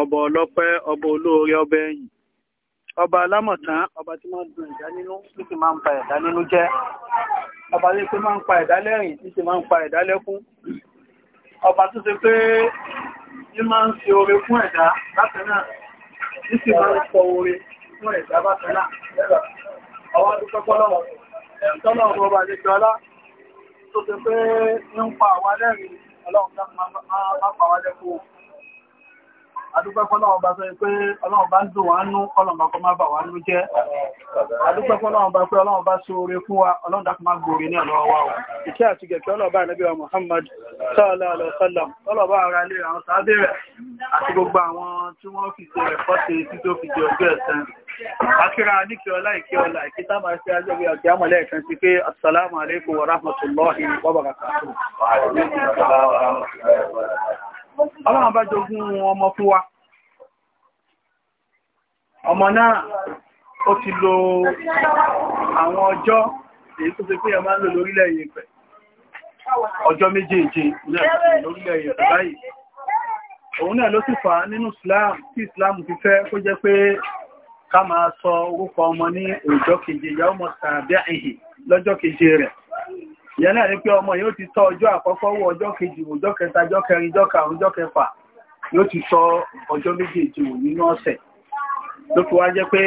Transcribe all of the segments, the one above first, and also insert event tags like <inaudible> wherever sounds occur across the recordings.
ọba ọlọ́pẹ́ ọba olóore ọba ẹ̀yìn ọba alámọ̀tán ọba tí máa ń dun ẹ̀dá nínú tí sì máa ń pa ẹ̀dá nínú jẹ́ ọba tí sì máa ń pa ẹ̀dá lẹ́rìn tí sì máa ń pa ẹ̀dá lẹ́kún ọba tó ṣe pé ní máa ń ṣe oore fún ẹ̀dá bákan náà ní sì máa ń sọ oore fún ẹ̀dá bákan náà ọwọ́ dúpẹ́ pọ́lọ́wọ́ tọ́lọ́ ọba àlejò ọlá tó ṣe pé ń pa àwa lẹ́rìn ọlọ́run náà máa pa àwa lẹ́kún adúpẹ́kọ́ lọ́wọ́ bá sọ pé ọlọ́run bá ń dùn wá nú ọlọ́run bá kọ́ má bà wá nú jẹ́ adúpẹ́kọ́ lọ́wọ́ bá pé ọlọ́run bá so oore fún wa ọlọ́run dákun má gbòòrè ní ọ̀nà wa o ìkẹ́ àti gẹ̀kẹ́ ọlọ́ọ̀bá ànábì wa Muhammad sallallahu alaihi wasallam ọlọ́ọ̀bá ara ilé àwọn sábẹ́ rẹ̀ àti gbogbo àwọn tí wọ́n fi ṣe rẹ̀ fọ́ṣe tí tó fi jẹ ọjọ́ ẹ̀sẹ̀ akíra níkẹ́ ọlá ìkẹ́ ọlá ìkẹ́ tá máa ṣe ajọ́bí ọ̀kẹ́ àmọ̀lẹ́ ẹ̀kan sí pé assalamu alaikum wa rahmatullahi wa barakatuh ọlọ́run bá jogún ọmọ fún wa ọmọ náà ó ti lo àwọn ọjọ́ èyí tó fi pé ẹ máa ń lò lórílẹ̀ èyí pẹ̀ ọjọ́ méjèèje lórílẹ̀ èyí pẹ̀ báyìí òun náà ló sì fà á nínú Islam tí Islam fi fẹ́ kó jẹ́ pé ká máa sọ orúkọ ọmọ ní ọjọ́ keje yàwó mọ̀ sàbẹ́ ìhì lọ́jọ́ keje rẹ̀ ìyẹn náà ni pé ọmọ o ti tọ́ ọjọ́ àkọ́kọ́ wọ ọjọ́ kejì wò ọjọ́ kẹta ọjọ́ kẹrin ọjọ́ karùn-ún ọjọ́ kẹfà yóò ti tọ́ ọjọ́ méjèèjì wò nínú ọ̀sẹ̀ ló fi wá jẹ́ pé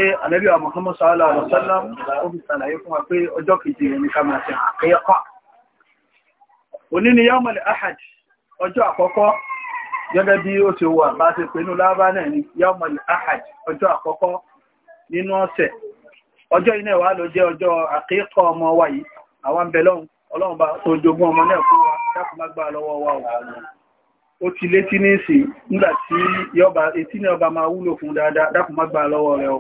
wa ó fi ṣàlàyé fún wa pé ọjọ́ kejì rẹ̀ ní ká máa ṣe àkẹ́yẹ́kọ́ òní ni yawmal ahad ọjọ́ àkọ́kọ́ gẹ́gẹ́ bí ó ti wà bá ṣe pé inú lábá náà ni ọjọ́ àkọ́kọ́ nínú ọ̀sẹ̀ ọjọ́ iná ìwà ló wa ọlọ́run bá tó jogún ọmọ náà fún wa dákun má gbà lọ́wọ́ wa ó ti létí ní ìsìn nígbà tí yọba etí ní ọba máa wúlò fún dáadáa dákun má gbà lọ́wọ́ rẹ̀ o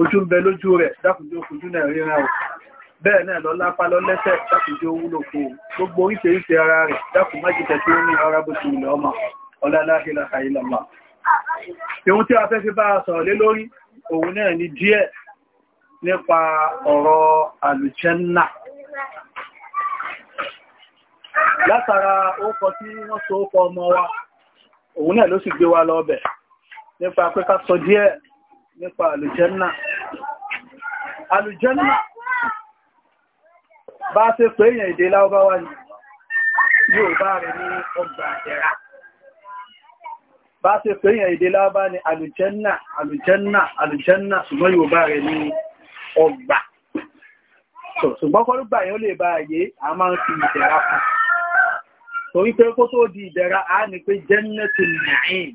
ojú ń bẹ lójú rẹ̀ dákun tó fojú náà ríran o bẹ́ẹ̀ náà lọ lápá lọ lẹ́sẹ̀ dákun tó wúlò fún o gbogbo oríṣiríṣi ara rẹ̀ dákun má jìtẹ̀ tí ó ní ara bó ti wùlẹ̀ ọmọ ọláláhìlá ni díẹ̀ nípa ọ̀rọ̀ látara ókọ tí wọ́n so ókọ ọmọ wa òun náà ló sì gbé wa lọ ọbẹ̀ nípa pé ká sọ díẹ̀ nípa àlùjẹ́nà àlùjẹ́nà bá ṣe pé èèyàn èdè láwọ́báwá ni yóò bá rẹ̀ ní ọgbà àjẹ́ra bá ṣe pé èèyàn èdè láwọ́bá ni àlùjẹ́nà àlùjẹ́nà àlùjẹ́nà ṣùgbọ́n yóò bá rẹ̀ ní ọgbà ṣùgbọ́n kọ́lùgbà yóò lè bá àyè a máa ń fi ìtẹ̀ra fún torí pé kó tó di ìdẹ̀ra a ní pé jẹ́nẹ́tù na'im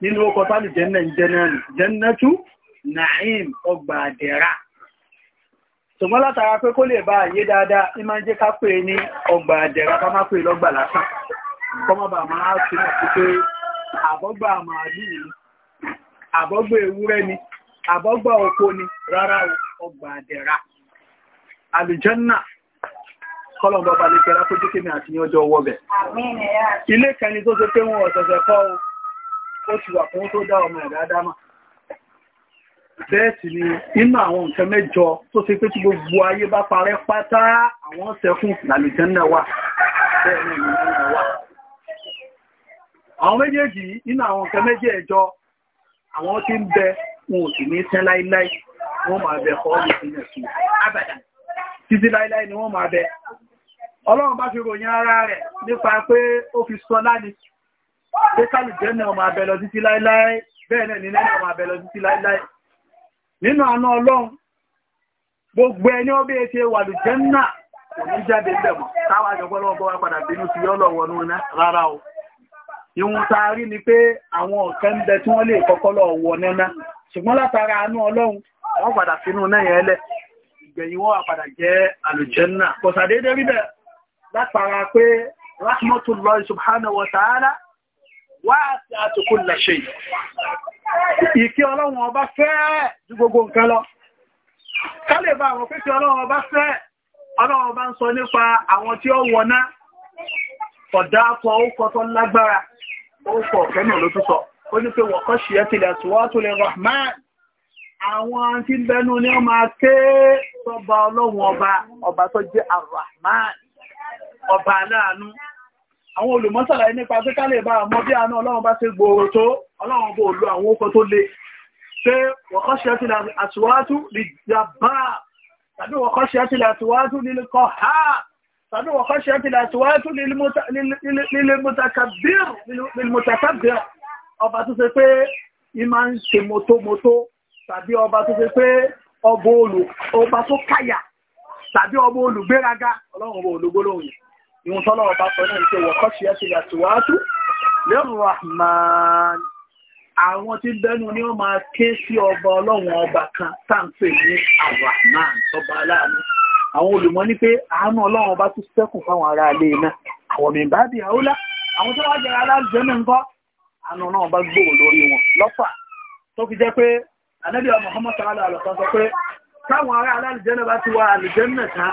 nínú ọkọ̀ tàbí jẹ́nẹ́tù na'im ọgbà àdẹ̀ra ṣùgbọ́n látara pé kó lè bá àyè dáadáa ní máa ń jẹ́ ká pè ní ọgbà àdẹ̀ra ká má pè lọ́gbà lásán kọ́mọ́bà máa ń túnmọ̀ sí pé àbọ́gbà màálù kọ́lọ̀ bọ́ba lè kẹ́ra kó jẹ́ kémi àti yànjọ ọwọ́ bẹ̀. ilé kẹni tó ṣe pé wọn ọ̀sọ̀ọ̀sẹ̀ kọ́ o ó ti wà fún tó dá ọmọ ẹ̀dá dámà. bẹ́ẹ̀ sì ni inú àwọn nǹkan mẹ́jọ tó ṣe pé tí gbogbo ayé bá parẹ́ pátá àwọn sẹ́kùn làlùjẹ́ náà wà bẹ́ẹ̀ ni ìlú náà wà. àwọn méjèèjì inú àwọn nǹkan mẹ́jẹ̀ẹ̀jọ àwọn tí ń bẹ wọn ò sì ní sẹ́ láíláí wọ́n máa bẹ̀ kọ́ ọ́ títí láíláí ni wọ́n máa bẹ ọlọ́run bá fi ròyìn ara rẹ̀ nípa pé ó fi sọ láni pé kálùjẹ́ náà máa bẹ̀lọ títí láíláí bẹ́ẹ̀ náà ní náà máa bẹ̀lọ títí láíláí nínú àánú ọlọ́run gbogbo ẹni ó bí i ṣe wà lùjẹ́ náà kò ní jáde lẹ̀mọ̀ táwà jọpọ́lọ́wọ́ bọ́ wá padà bínú sí o ìwọ̀n ta rí ni pé àwọn ọ̀kẹ́ ń bẹ tí wọ́n padà sínú náà yẹn lẹ̀ ìgbẹ̀yìn wọ́n padà jẹ́ àlùjẹ́ náà kò sàdédé rí bẹ́ẹ̀ látara pé rahmatullahi subhanahu wa ta'ala wasi'at kulli shay ìkẹ́ ọlọ́run ọba fẹ́ ju gbogbo nǹkan lọ kálẹ̀ bá àwọn pẹ́kẹ́ ọlọ́run ọba fẹ́ ọlọ́run ọba ń sọ nípa àwọn tí ó wọná ọ̀dá akọ ókọ tó lágbára ókọ ọ̀kẹ́ náà ló tún sọ ó ní pé wọ̀kọ́ ṣe é tilẹ̀ tùwọ́ tó lè rahman àwọn tí ń bẹnu ni wọ́n máa tọba ọlọ́run ọba ọba tó jẹ́ arahman ọba aláàánú àwọn olùmọ́sàlá nípa pé ká lè bá mọ̀ bí àánú ọlọ́run bá ṣe gbòòrò tó ọlọ́run bó lo àwọn okọ tó le pé wọ́kọ́ ṣe ti àtiwájú lè jàbá tàbí wọ́kọ́ ṣe ti àtiwájú lè kọ́ ha tàbí wọ́kọ́ ṣe ti àtiwájú lè mọ́tàkàbíà ọba tó ṣe pé ìmá ń ṣe mọ́tómọ́tó tàbí ọba tó ṣe pé ọba tó káyà tàbí ọba olùgbéraga ọlọ́run ọba olùgbólóhùn yìí ìwọ̀n tọ́lọ̀ ọba sọ náà ṣe wọ̀kọ́ ṣe ẹ̀ṣẹ̀ yàtúwátú lẹ́rù rahman àwọn tí bẹ́nu ni ó máa ké sí ọba ọlọ́run ọba kan táǹpẹ̀ ní arahman ọba aláàánú àwọn olùmọ̀ ní pé àánú ọlọ́run ọba tún sẹ́kùn fáwọn ará ilé náà àwọn mìíràn bí àólá àwọn tó wá jẹ aláàjẹ náà ń kọ́ àánú náà bá gbòòrò lórí wọn lọ́fà tó fi jẹ́ pé anábìyà Muhammad sallallahu alaihi wasallam sọ pé táwọn ará aláàjẹ náà bá ti wá àlùjẹ náà tán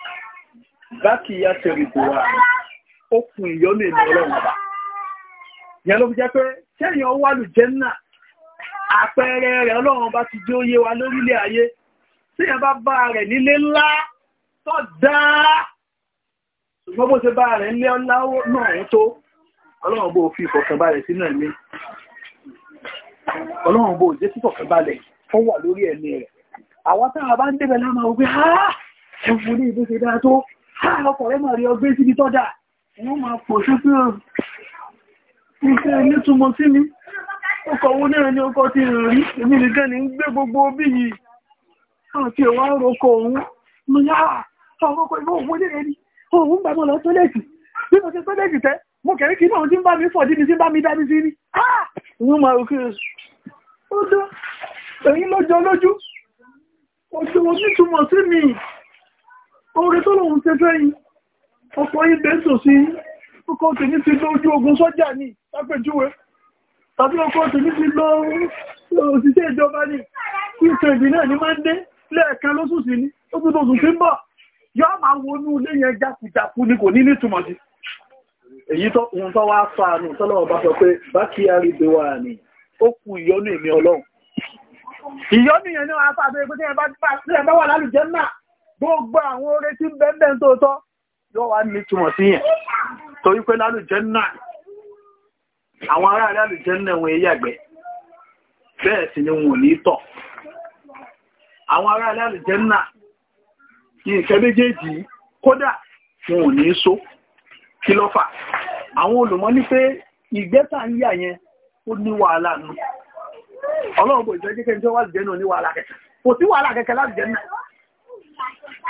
bákì ya tẹ̀rì kò wà ó kun ìyọ́nù ìmọ̀ ọlọ́run ọba ìyẹn ló fi jẹ́ pé sẹ́yìn ọwọ́ àlùjẹ́nà àpẹẹrẹ rẹ̀ ọlọ́run ọba ti dé óyé wa lórílẹ̀ ayé sẹ́yìn bá bá rẹ̀ nílé ńlá tó dáa ṣùgbọ́n bó ṣe bá rẹ̀ nílé ńlá náà ń tó ọlọ́run bó fi ìfọ̀kànbalẹ̀ sínú ẹ̀mí ọlọ́run bó jẹ́ sífọ̀kànbalẹ̀ ó wà lórí ẹ̀mí rẹ̀ àwọn táwọn bá ń débẹ̀ láwọn ọgbẹ́ ẹ̀fún ní ìbí ṣe dáa tó ọkọ̀rẹ́ mọ̀ rí ọgbẹ́ síbi tọ́jà wọ́n máa pọ̀ ṣúkú ìfẹ́ nítúmọ̀ sí mi ọkọ̀ owó náà ní ọkọ̀ ti rí èmi nìkan ní ń gbé gbogbo bí yìí àti ẹ̀wà rọkọ̀ òun mo yá ah, ọkọ̀ ìwọ̀ òun lè rí òun gbà mọ́ lọ tọ́lẹ̀tì bí mo ti tọ́lẹ̀tì tẹ́ mo kẹ̀rí kí náà ti ń bá mi fọ̀ dídí sí bá mi dání sí rí ah! wọ́n máa oore tó lòun ṣe fẹ́ yìí ọkọ̀ yìí bẹ́sù sí ọkọ̀ tí ní ti lójú ogun sọ́jà ní lápẹjúwe tàbí ọkọ̀ tí ní ti lọ òṣìṣẹ́ ìjọba ní ìfẹ́ ìbí náà ní máa ń dé lẹ́ẹ̀kan lóṣù sí ní ó tún tó sùn bọ̀ yọ́ máa wọnú ilé yẹn jákujàku ni kò ní nítumọ̀ sí èyí tó ń tọ́ wá fa àánú tọ́lọ́wọ́ bá sọ pé bá kí a rí ìgbéwà ní ó kù ìyọ́nú èmi ọlọ́run ìyọ́nú yẹn ní wọ́n á fà bẹ́ẹ̀ pé tí ẹ bá wà lálùjẹ́ náà gbogbo àwọn oore tí bẹ́ẹ̀ tó tọ́ yóò wá ní túmọ̀ sí yẹn torí pé náà àwọn ará lálùjánnà wọn àgbẹ̀ bẹ́ẹ̀ sì ni wọn ò ní tọ̀ àwọn ará lálùjánnà nǹkan méjèèjì kódà wọn ò ní so kí ló fà àwọn ní pé ìgbẹ́ta ń yà yẹn ó ní wàhálà nù ọlọ́run jẹ́kẹ́ ní wàhálà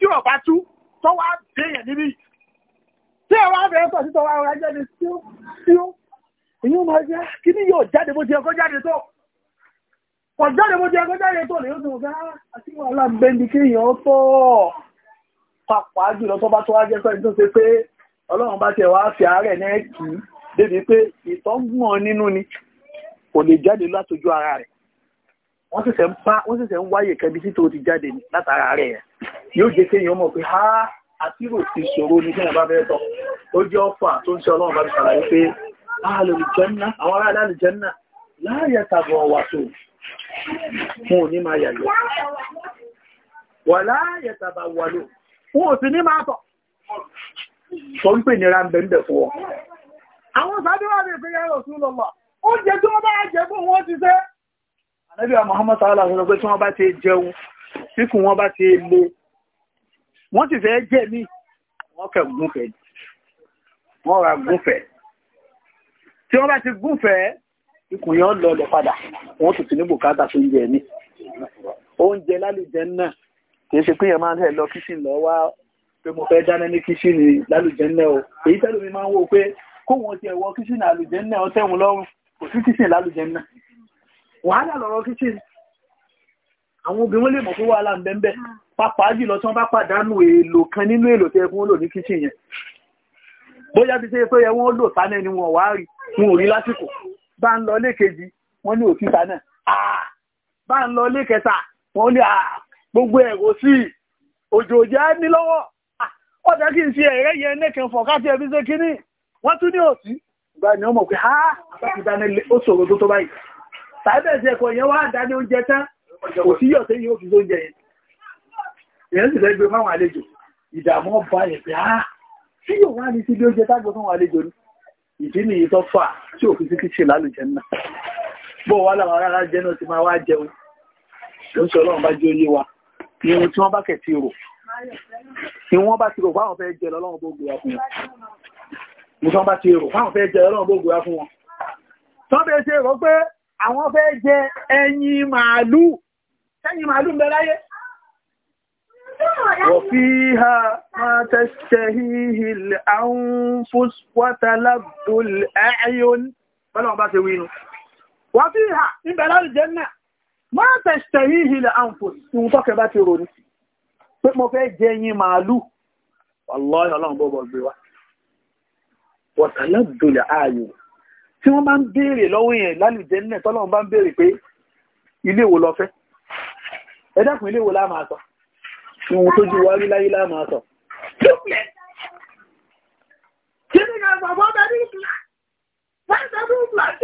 tí ọ̀bá tú tó wá déyàn níbí tí ọ̀wá bẹ̀rẹ̀ pọ̀ sí tó wá ọ̀rá jáde tí ó tí ó èyí máa jẹ́ kí ní yóò jáde bó ti ẹkọ́ jáde tó pọ̀ jáde bó ti ẹkọ́ jáde tó lè yóò tún ọ̀gá àti wàhálà bẹ́ndì kí èèyàn pọ̀ pàpà jùlọ tó bá tó wá jẹ́ sọ́yìn tó ṣe pé ọlọ́run bá tiẹ̀ wá fi àárẹ̀ náà kì í débi pé ìtọ́gbọ̀n nínú ni kò lè jáde látọjú ara rẹ̀ wọ́n sì ṣẹ̀ ń wáyè kẹbi sí tó ti jáde látara rẹ̀ yẹn yóò jẹ́ kéèyàn mọ̀ pé ha àtírò ti ṣòro ní fún ọba bẹ́ẹ̀ tọ́ ó jẹ́ ọ̀fà tó ń ṣe ọlọ́run bá ti ṣàlàyé pé alùjẹ́nà àwọn ará alùjẹ́nà láàyè tàbọ̀ wà tó wọn ò ní máa yàgbẹ́ wà láàyè tàbà wà lò wọn ò ní máa tọ̀ tó ń pè nira ń bẹ̀ ń bẹ̀ fún ọ. àwọn sábẹ́wà lè fi yára òsùn lọ́lọ́ oúnjẹ tí wọ́n bá jẹ fún wọn ti fẹ́. ànábìyà Muhammad sallallahu alaihi wa sallam pé tí wọ́n bá ti jẹun síkùn wọn bá ti le wọ́n ti fẹ́ jẹ́ mí wọ́n kẹ̀ gúnfẹ̀ wọ́n ra gúnfẹ̀ tí wọ́n bá ti gúnfẹ̀ ikùn yẹn lọ lọ padà wọ́n tún ti ní bùkátà tó yẹ ní oúnjẹ lálùjẹ náà kì í ṣe pé yẹn máa ń tẹ̀ lọ kíṣìn lọ wá pé mo fẹ́ dáná ní kíṣìn lálùjẹ náà o èyí tẹ́lẹ̀ mi máa ń wò pé kó wọn ti ẹ̀wọ̀ kíṣìn lálùjẹ náà ó lọ́rùn kò sí kíṣìn lálùjẹ náà wàhálà lọ́rọ̀ kíṣìn àwọn obìnrin lè mọ̀ pé wàhálà ń bẹ́ẹ̀ bẹ́ẹ̀ ah. pàápàá jùlọ tí wọ́n bá pàdánù èèlò kan nínú èèlò tí ẹkún lò ní kíchìn yẹn bóyá ti ṣe pé yẹ wọ́n lò sánẹ́ ni wọ́n wá rí wọn ò rí lásìkò bá ń lọ lékejì wọ́n ní òfin sánẹ́ ah! bá ń lọ lékẹta wọ́n ní ah! gbogbo ẹ̀rọ sí òjò jẹ́ ní lọ́wọ́ ọ̀dà kì í ṣe ẹ̀rẹ́ yẹn nẹ́kẹ̀ fọ̀ káti ẹbí ṣe kínní wọ́n tún ní òsì ìgbà ni wọ́n mọ̀ pé ó ṣòro tó tó báyìí tàbí ẹ̀sẹ̀ ẹ̀kọ́ yẹn wá dání oúnjẹ tán kò sí yọ̀ tẹ́yìn ó fi tó jẹ yẹn èèyàn sì fẹ́ gbé fáwọn àlejò ìdààmú ọba yẹn pé á ah, tí yóò wá ní sí bí ó jẹ tágbó fáwọn àlejò ni ìdí nìyí tó fà tí òfin títí ṣe lálùjẹ náà bó wà láwọn ará jẹ náà ti máa wá jẹun ló ń sọ ọlọ́run bá jẹ́ oyé wa ní ohun tí wọ́n bá kẹ̀ ti rò ni wọ́n bá ti rò fáwọn fẹ́ jẹ lọ́lọ́run bó gbé wa fún wọn ni wọ́n bá ti rò fáwọn fẹ́ jẹ lọ́lọ́run bó gbé wa fún wọn tọ́ ṣe rò pé àwọn fẹ́ jẹ ẹyin màálù sẹ́yìn màálù ń bẹ láyé وفيها ما تشتهيه الأنفس وتلذ الأعين فلو بس وينو وفيها إن بلال الجنة ما تشتهيه الأنفس يوتك باتي روني mo fẹ́ jẹyìn màálù wàláhí ọlọ́run bọ́bọ̀ gbé wá wọ̀tàlẹ́dùlẹ̀ ààyò tí wọ́n bá ń béèrè lọ́wọ́ yẹn lálùjẹ́ nílẹ̀ tọ́lọ́run ẹ̀dàkùn ilé wo láàmà sọ ohun tó ju wárí láyé láàmà sọ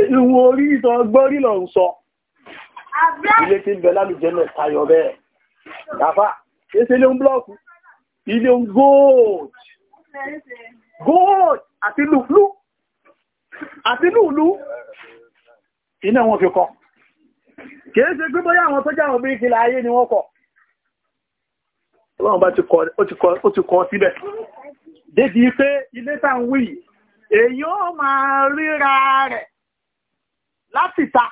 ìwò orí ìtàn gbọ́rí lọ ń sọ ilé tí ń bẹ lálùjẹ́ náà tayọ bẹ́ẹ̀ àfá ẹsẹ ilé ń blọ́ọ̀kù ilé ń gold gold àti lùlú àti lùlú iná wọn fi kọ́ kìí ṣe gbígbó yá àwọn tó jẹ́ àwọn obìnrin kìlà ayé ni wọ́n kọ̀ ọlọ́run bá ti kọ́ síbẹ̀ débi pé ilé tá ń wí èyí ó máa ríra rẹ̀ láti ta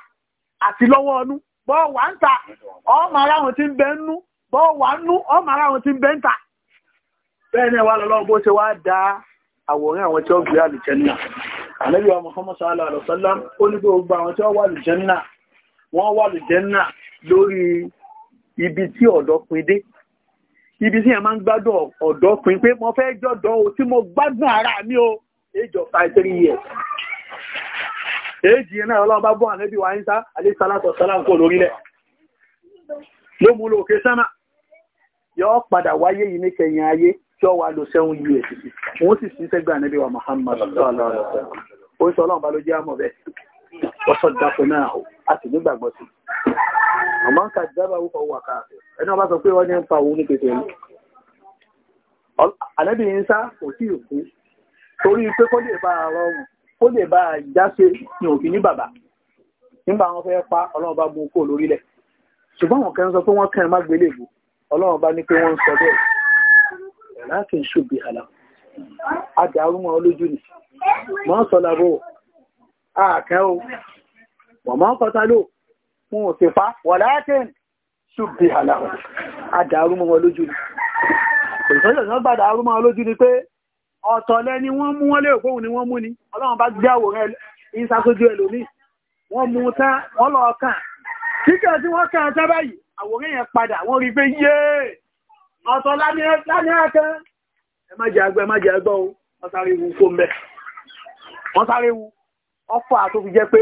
àti lọ́wọ́ ọnú bọ́ wà ń ta ọmọ aráwọn tí ń bẹ ń nú bọ́ wà ń nú ọmọ aráwọn tí ń bẹ ń ta bẹ́ẹ̀ lọ́lọ́run bó ṣe wá àwòrán àwọn tí wọ́n wà lù jẹ́nà lórí ibi tí ọ̀dọ́ dé ibi tí yẹn máa ń gbádùn pé mo fẹ́ jọ̀dọ̀ o tí mo gbádùn ara mi o èjọ five three years èjì náà ọlọ́run bá bọ́ wa ń sá sálátọ̀ lórílẹ̀ ló mú sánà yọ padà wáyé yìí ní kẹyìn ayé tí ó wà yìí ẹ̀ wa ó bá ló jẹ́ àmọ̀ bẹ́ẹ̀ wọ́n a sì nígbàgbọ́ sí àmọ́ ń ka ìjábà wúkọ̀ wà káàkiri ẹni wọn bá sọ pé wọ́n ní ń pa òun ní kékeré àlẹ́bí yín sá kò tí ì kú torí pé kó lè bá rọrùn kó lè bá jáse ní òfin ní bàbá nígbà wọn fẹ́ pa ọlọ́run bá mú kó lórílẹ̀ ṣùgbọ́n àwọn kan sọ pé wọ́n kẹrin má gbélé ìbò ọlọ́run bá ní pé wọ́n ń sọ bẹ́ẹ̀ láti ń ṣòbí àlà àdàrúmọ̀ lójú ni wọ́n sọ làbọ̀ àkẹ́ o wọ́n mọ́ kọtálò wọn ò sì fa wọ̀láàtín ṣùgbì àlàrọ̀ adàrúmọ́ wọn lójú ni ìtọ́jọ̀ náà bá dàrúmọ́ wọn lójú ni pé ọ̀tọ̀lẹ́ ni wọ́n mú wọ́n lè òpóhùn ni wọ́n mú ni ọlọ́run bá gbé àwòrán ìsàkójú ẹlòmí wọ́n mú tán wọ́n lọ kàn kíkẹ́ tí wọ́n kàn tẹ́ báyìí àwòrán yẹn padà wọ́n rí pé yé ọ̀tọ̀ láni àkẹ́ ẹ má jẹ àgbẹ̀ má o wọ́n sáré wu kó mbẹ́ wọ́n sáré wu ọ̀fà tó fi jẹ́ pé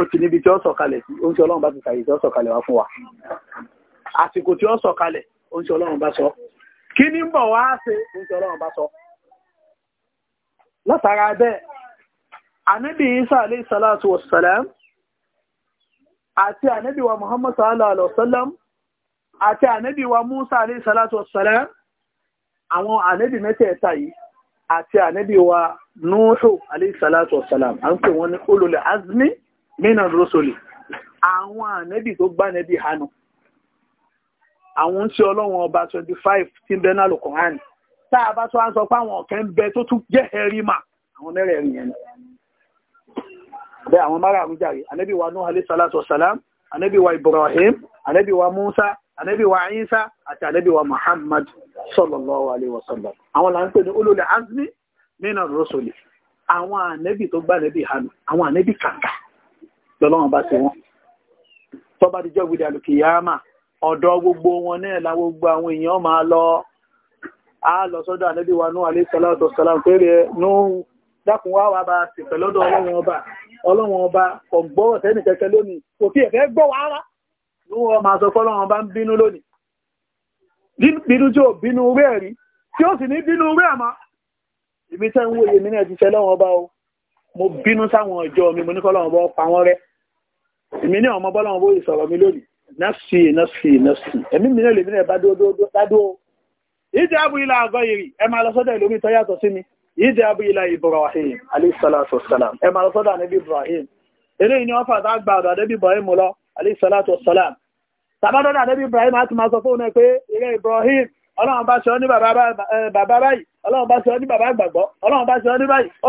ó ti níbi tí ó sọ̀kalẹ̀ sí oúnjẹ ọlọ́run bá ti fàyè tí ó sọ̀kalẹ̀ wá fún wa àsìkò tí ó sọ̀kalẹ̀ oúnjẹ ọlọ́run bá sọ kí ní ń bọ̀ wá ṣe oúnjẹ ọlọ́run bá sọ látara bẹ́ẹ̀ ànábì isa alayhi salatu wa salam àti ànábì wa muhammad sallallahu alayhi wa sallam àti ànábì wa musa alayhi salatu wa salam àwọn ànábì mẹ́tẹ̀ẹ̀ta yìí àti ànábì wa nuhu alayhi salatu wa salam à ń pè wọ́n ní ulul azmi mina rosoli àwọn ànẹ́bì tó gbá nẹ́bì hànú àwọn ń ṣe ọlọ́run ọba twenty five tí ń bẹ náà lò kọ̀ọ̀hán tá a bá tó wá ń sọ pé àwọn ọ̀kẹ́ ń bẹ tó tún jẹ́ ẹ̀rí mà àwọn mẹ́rẹ̀ẹ̀rin yẹn ni bẹ́ẹ̀ àwọn márààrún jàre ànẹ́bì wa nuh alayhi salatu wasalam ànẹ́bì wa ibrahim ànẹ́bì wa musa ànẹ́bì wa isa àti ànẹ́bì wa muhammad sallallahu alayhi wa sallam àwọn là ń pè ní olólè azmi mina rosoli àwọn ànẹ́bì tó gbá nẹ́bì hànú àwọn ànẹ́bì kàkà lọ́lọ́run bá ṣe wọ́n tó bá dijọ́ gbé dàlùkì yáàmà ọ̀dọ̀ gbogbo wọn náà la gbogbo àwọn èèyàn máa lọ á lọ sọ́dọ̀ ànábì wa nú alẹ́ sọlá ọ̀dọ̀ sọlá péré dákun wá wa bá sì pẹ̀ lọ́dọ̀ ọlọ́run ọba ọlọ́run ọba kò gbọ́rọ̀ sẹ́ni kẹ̀kẹ́ lónìí kò fi ẹ̀fẹ́ gbọ́ wa rárá ló wọ́n máa sọ fọ́lọ́run ọba ń bínú lónìí bínú tí ò bínú rẹ̀ rí tí ó sì ní bínú rẹ̀ mọ́ ibi tẹ́ ń wòye mi náà ti ṣẹlọ́run ọba o mo bínú sáwọn ọjọ́ mi mo ní kọ́lọ́wọ́n bọ́ pa wọ́n rẹ́ èmi ní ọmọ bọ́lọ́wọ́n bó ìsọ̀rọ̀ mi lónìí nọ́ọ̀sì nọ́ọ̀sì nọ́ọ̀sì ẹ̀mí mi náà lèmi náà bá dúró ìdí abu ilà àgọ́ ìrì ẹ máa lọ sọ́dọ̀ ìlómi tó yàtọ̀ sí mi ìdí abu ilà ibrahim aleyhisalatu wasalam ẹ máa lọ sọ́dọ̀ ànábì ibrahim eléyìí ni wọ́n fàtà gba ọ̀dọ̀ ànábì ibrahim lọ ibrahim a ti máa sọ fóun náà pé ibrahim ọlọ́run bá ṣe ọ ní bàbá báyìí ọlọ́run bá ṣe ọ ní bàbá gbàgbọ́ ọlọ́run bá ṣe ọ ní báyìí ó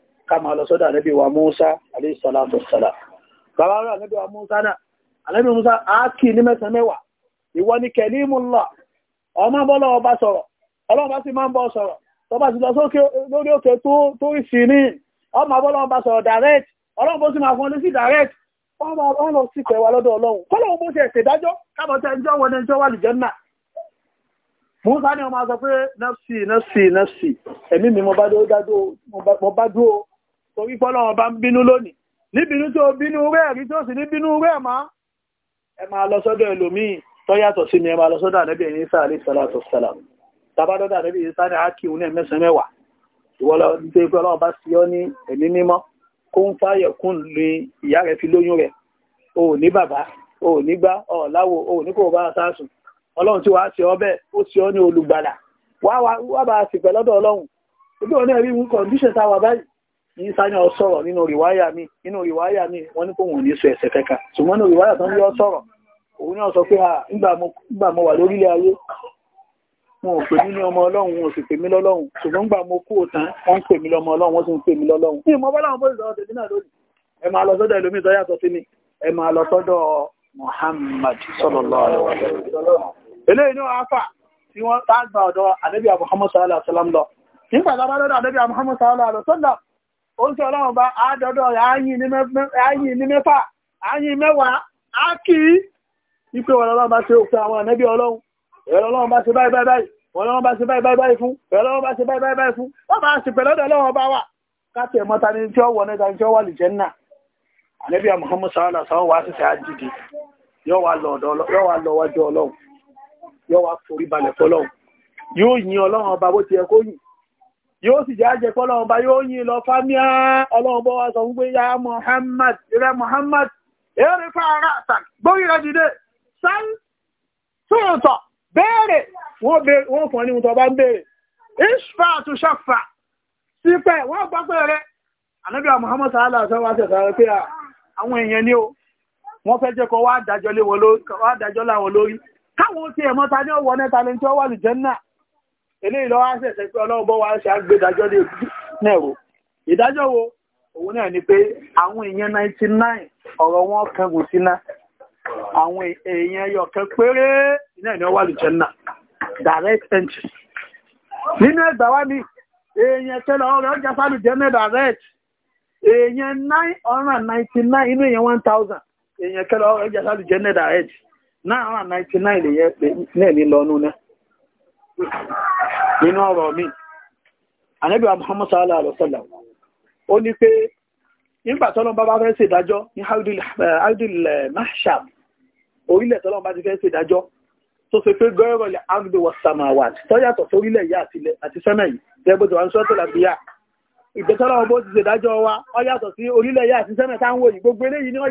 ká máa lọ sọ́dọ̀ ànábì wa Musa alayhi salatu wassalam bàbá rẹ̀ ànábì wa Musa náà ànábì Musa áàkì ní mẹ́sàn mẹ́wàá ìwọ ni kalimullah ọmọ bọ́lọ̀ ọba sọ̀rọ̀ ọlọ́ọ̀bá sì máa ń bọ́ sọ̀rọ̀ tọba sì lọ sókè lórí òkè tó ìsì ní ọmọ bọ́lọ̀ ọba sọ̀rọ̀ direct ọlọ́ọ̀bó sì máa fún ọ sí direct ọmọ sí pẹ̀wà lọ́dọ̀ ọlọ́run kọ́lọ̀wọ́ bó ṣe ṣèdájọ́ kábọ̀tẹ́ ẹjọ́ wọn ẹjọ́ wà lùjẹ́ náà Musa ni ọmọ sọ pé nafsi nafsi nafsi ẹ̀mí mi mo bá dúró torí pọ́lọ́wọ́ bá ń bínú lónìí níbinú tó bínú rẹ̀ rí tó sì ní bínú rẹ̀ má ẹ máa lọ sọ́dọ̀ ẹlòmíì tó yàtọ̀ sí mi ẹ máa lọ sọ́dọ̀ ànábì ẹ̀yìn sáà lè sọ́lá tó sọ́lá tabadọ́dọ̀ ànábì ẹ̀yìn sáà ní ákìrún ní ẹ̀mẹ́sàn mẹ́wàá ìwọ lọ sí pé ọlọ́run bá sí ọ ní ẹ̀mí mímọ́ kó ń fáyẹ̀ kún ní ìyá rẹ̀ fi lóyún rẹ̀ o ò ní Ìsá ní ọ̀sọ̀rọ̀ nínú rìwáyà mi nínú rìwáyà mi wọ́n ní kò wọ́n ní sọ ẹ̀sẹ̀ kẹka ṣùgbọ́n nínú rìwáyà tán yọ sọ̀rọ̀ òun náà sọ pé nígbà mo wà lórílẹ̀ ayé wọn ò pè mí ní ọmọ ọlọ́run wọn ò sì pè mí lọ́lọ́run ṣùgbọ́n nígbà mo kú òtán wọ́n ń pè mí lọ́mọ ọlọ́run wọ́n sì ń pè mí lọ́lọ́run ní ìmọ̀ bọ́lá àwọn bóyá sọ̀rọ̀ tèmi náà lónìí ẹ máa lọ sọ́dọ̀ ẹlòmíì tó yàtọ̀ sí mi ẹ máa lọ sọ́dọ̀ Muhammad sallallahu alaihi wa sallam eléyìí ní afa tí wọ́n tá gba ọ̀dọ̀ àdébíà Muhammad sallallahu alaihi wa sallam lọ nígbà tá a bá lọ́dọ̀ àdébíà Muhammad sallallahu alaihi ó ń sọ ọlọ́run bá àádọ́dọ̀ rẹ̀ áyìn ní mẹ́fà áyìn mẹ́wàá á kì í ipé wọn lọ́wọ́ bá ṣe òkú àwọn ànẹ́bí ọlọ́run ẹ̀rọ ọlọ́run bá ṣe báyìí báyìí wọn lọ́wọ́ bá ṣe báyìí báyìí fún ẹ̀rọ ọlọ́run bá ṣe báyìí báyìí fún wọ́n bá ṣe pẹ̀lú ọ̀dọ̀ ọlọ́run bá wà káàkiri ẹ̀mọ́ ta ni tí ó wọ níta tí ó wà lè jẹ́ nà ànẹ́bí Muhammad sàrọ́là sàrọ́ wà sísẹ́ àjìdì yóò wá lọ wájú ọlọ́run yóò wá forí balẹ̀ fọlọ́run yóò ti yẹ yóò sì jẹ́ àjẹpọ̀ ọlọ́run bá yóò yìn lọ fámíà ọlọ́run bọ́ wípé ya Muhammad rẹ Muhammad èrè fara tàk gbóyìn rẹ dìde sáń tóòtọ̀ béèrè wọ́n fún bá ń béèrè ishfa sí wọ́n gbọ́ pé sàálà wá pé àwọn èèyàn ni ó wọ́n fẹ́ jẹ́ kó wá dájọ́ láwọn lórí káwọn ó ti ẹ̀mọ́ta ní ọwọ́ nẹ́ta tí eléyìí lọ́wọ́ ṣẹ̀ṣẹ̀ pé ọlọ́run bọ́ wá ṣe àgbédájọ́ ní ìdájọ́ wo òun náà ni pé àwọn èèyàn 99 ọ̀rọ̀ wọn kan kò síná àwọn èèyàn ẹyọ kan péré náà ni wọ́n wà lùjẹ́ náà direct entry nínú ẹgbà wá ní èèyàn tẹ́lẹ̀ ọjà 999 inú èèyàn 1000 èèyàn tẹ́lẹ̀ ọjà fàlùjẹ́ náà 999 nínú ọ̀rọ̀ mi Ànábì wa Muhammad sallallahu alaihi wasallam ó ní pé nígbà tọ́lọ́n bá bá fẹ́ ṣe ìdájọ́ ní audil eh, mahshab orílẹ̀ tọ́lọ́n bá ti fẹ́ ṣe ìdájọ́ tó ṣe pé gọ́rọ̀lẹ̀ agdo wa samawat tó yàtọ̀ sórílẹ̀ yà àti sẹ́mẹ̀ yìí gẹ́gbẹ́jọ wa ń sọ́tò làbíyà ìgbẹ́tọ́lọ́wọ́ bó ti ṣèdájọ́ wa ó yàtọ̀ sí orílẹ̀ yà àti sẹ́mẹ̀ táwọn òyìn gbogbo eléyìí ni ó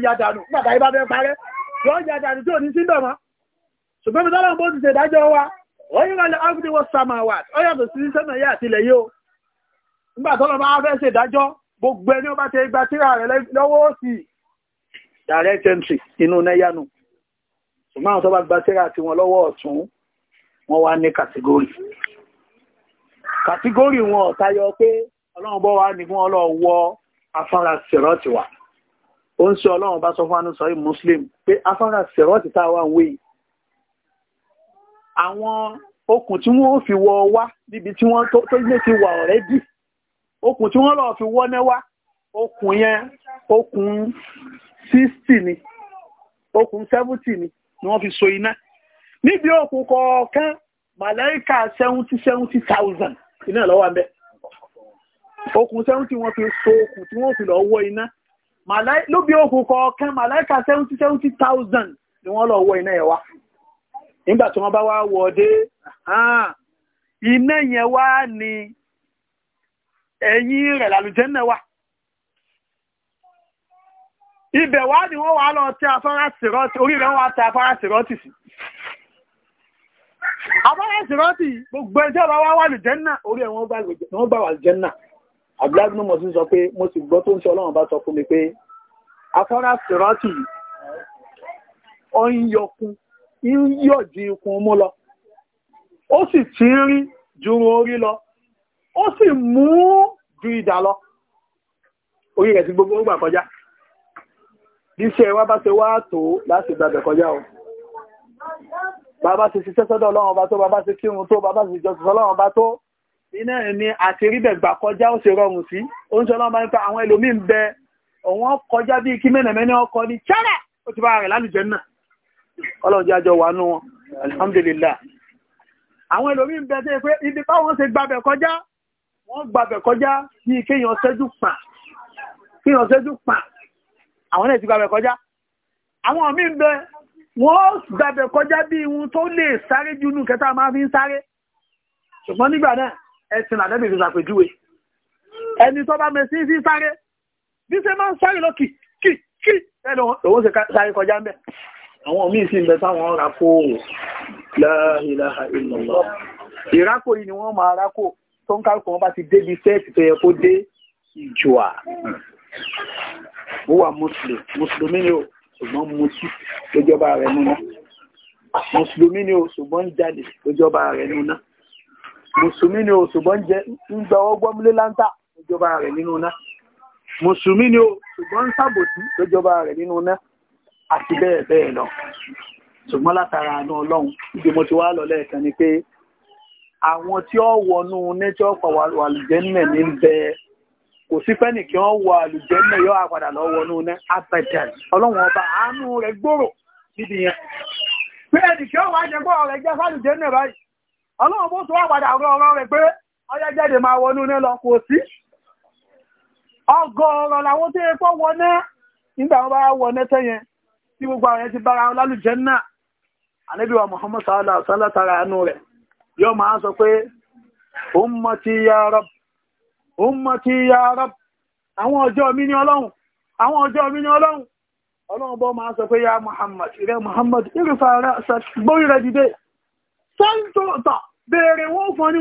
yà ọ̀yọ́rọ̀lẹ̀ ágbìdíwọ̀ samawat ọ̀yọ́dọ̀ sí sẹ́nà yà àtìlẹ̀ yóò nígbà tọ́lọ bá fẹ́ ṣe ìdájọ́ gbogbo ẹni ó bá tẹ igba tíra rẹ̀ lọ́wọ́ sí direct entry inú nẹ́yánu ṣùgbọ́n àwọn tó bá gba tíra tí wọn lọ́wọ́ ọ̀tún wọn wá ní kàtígórì kàtígórì wọn ó tayọ pé ọlọ́run bọ́ wá ní fún ọlọ́run wọ afárá sẹ̀rọ̀tì wa ó ń sọ ọlọ́run bá sọ fún anúsọ̀rí muslim pé afárá sẹ̀rọ̀tì táwa ń wéyìí àwọn okùn tí wọ́n fi wọ wá níbi tí wọ́n tó lè ti wà ọ̀rẹ́ dì okùn tí wọ́n lọ fi wọ́ náwá okùn yẹn okùn 60 ni okùn 70 ni ni wọ́n fi so iná níbi okùn kọ̀ọ̀kan màláìkà 70 70 thousand iná lọ́wọ́ abẹ́ okùn 70 wọ́n fi so okùn tí wọ́n fi lọ wọ́ iná lóbi okùn kọ̀ọ̀kan màláìkà 70 70 thousand ni wọ́n lọ wọ́ iná yẹn wá nígbà tí wọ́n bá wá wọ̀dé iná yẹn wá ní ẹ̀yìn rẹ̀ lálùjẹ́nà wà ibẹ̀ wá ní wọ́n wá lọ tí afárá sírọ́tì orí rẹ̀ wá tí afárá sírọ́tì sí afárá sírọ́tì gbogbo ẹjọ́ bá wá wà lùjẹ́nà orí ẹ̀ wọ́n gbà wà lùjẹ́nà àbúlágbọ́n mo sọ pé mo sì gbọ́ tó ń ṣe ọlọ́run bá sọ fún mi pé afárá sírọ́tì ọ ń yọkun ń yọ̀ ju ikùn mú lọ ó sì ti ń rí ju orí lọ ó sì mú ju ìdà lọ orí rẹ̀ ti gbogbo ó gbà kọjá bí iṣẹ́ wa bá ṣe wá tó láti gbàgbẹ̀ kọjá o bàbá ti ṣiṣẹ́ sọ́dọ̀ ọlọ́run ọba tó bàbá ti kírun tó bàbá ti jọ sọ́dọ̀ ọlọ́run ọba tó iná ẹni àti ríbẹ̀ gbà kọjá ó ṣe rọrùn sí ó ń sọ ọlọ́run bá ń pa àwọn ẹlòmíín bẹ òun kọjá bíi kí mẹ́nàmẹ́ni ọkọ ni ṣẹ́rẹ̀ ó ti bá rẹ̀ lálùjẹ́ náà ọlọ́run jẹ́ àjọ wà nú wọn alhamdulillah àwọn ẹlòmí ń bẹ́ẹ̀ pé ibi táwọn ṣe gbàbẹ̀ kọjá wọ́n gbàbẹ̀ kọjá bí kéèyàn ṣẹ́jú pa kéèyàn ṣẹ́jú pa àwọn náà ti gbàbẹ̀ kọjá àwọn míì ń bẹ wọ́n gbàbẹ̀ kọjá bí ihun tó lè sáré ju inú kẹta máa fi ń sáré ṣùgbọ́n nígbà náà ẹ̀sìn àdẹ́bì fi ṣàpèjúwe ẹni tó bá mẹ́sí sí sáré bí ṣe máa ń sáré lọ kì kì kì ẹ̀ lòun ṣe sáré kọjá ń bẹ̀ àwọn míì sí ìbẹ̀ táwọn rákò la ilaha illallah ìrákò yìí ni wọ́n máa rákò tó ń kálùkù wọn bá ti débi sẹ́ẹ̀tì tó yẹ kó dé ìjọà ó wà mùsùlùmí ni ó ṣùgbọ́n mutí lójọba rẹ̀ múná mùsùlùmí ni ó ṣùgbọ́n jáde lójọba rẹ̀ múná mùsùlùmí ni ó ṣùgbọ́n jẹ ń gba ọgbọ́n múlé láńtà lójọba rẹ̀ nínú náà mùsùlùmí ni ó ṣùgbọ́n ń ṣàbòsí lójọba rẹ̀ nínú náà àti bẹ́ẹ̀ bẹ́ẹ̀ lọ ṣùgbọ́n látara àánú ọlọ́run ibi mo ti wá lọ lẹ́ẹ̀kan ni pé àwọn tí ó wọnú nature pàwọ́ àlùjẹ́nìmẹ̀ ní bẹ kò sí pẹ́nì kí wọ́n wọ àlùjẹ́nìmẹ̀ yóò àpadà lọ wọnú ní abẹ́dẹ̀ ọlọ́run ọba àánú rẹ̀ gbòòrò níbi yẹn pé ẹnì kí wọ́n wá jẹ gbọ́ rẹ̀ jẹ́ fàlùjẹ́nìmẹ̀ báyìí ọlọ́run bó tó wà padà rọ ọ̀rọ̀ rẹ̀ pé ọyá máa wọnú ní lọ kò sí ọgọ́ọ̀rọ̀ làwọn tó yẹ kó wọná nígbà wọn bá wọná tẹ́yẹn tí gbogbo àwọn yẹn ti bára wọn lálùjẹ́ náà ànábì wa Muhammad sallallahu alaihi wasallam tara àánú rẹ̀ yóò máa sọ pé ummati ya rab àwọn ọjọ́ mi ní ọlọ́run ọlọ́run bọ́ máa sọ pé ya Muhammad ìrẹ́ Muhammad irúfà rẹ̀ rẹ̀ dìde sẹ́ńtọ̀tọ̀ wọ́n fún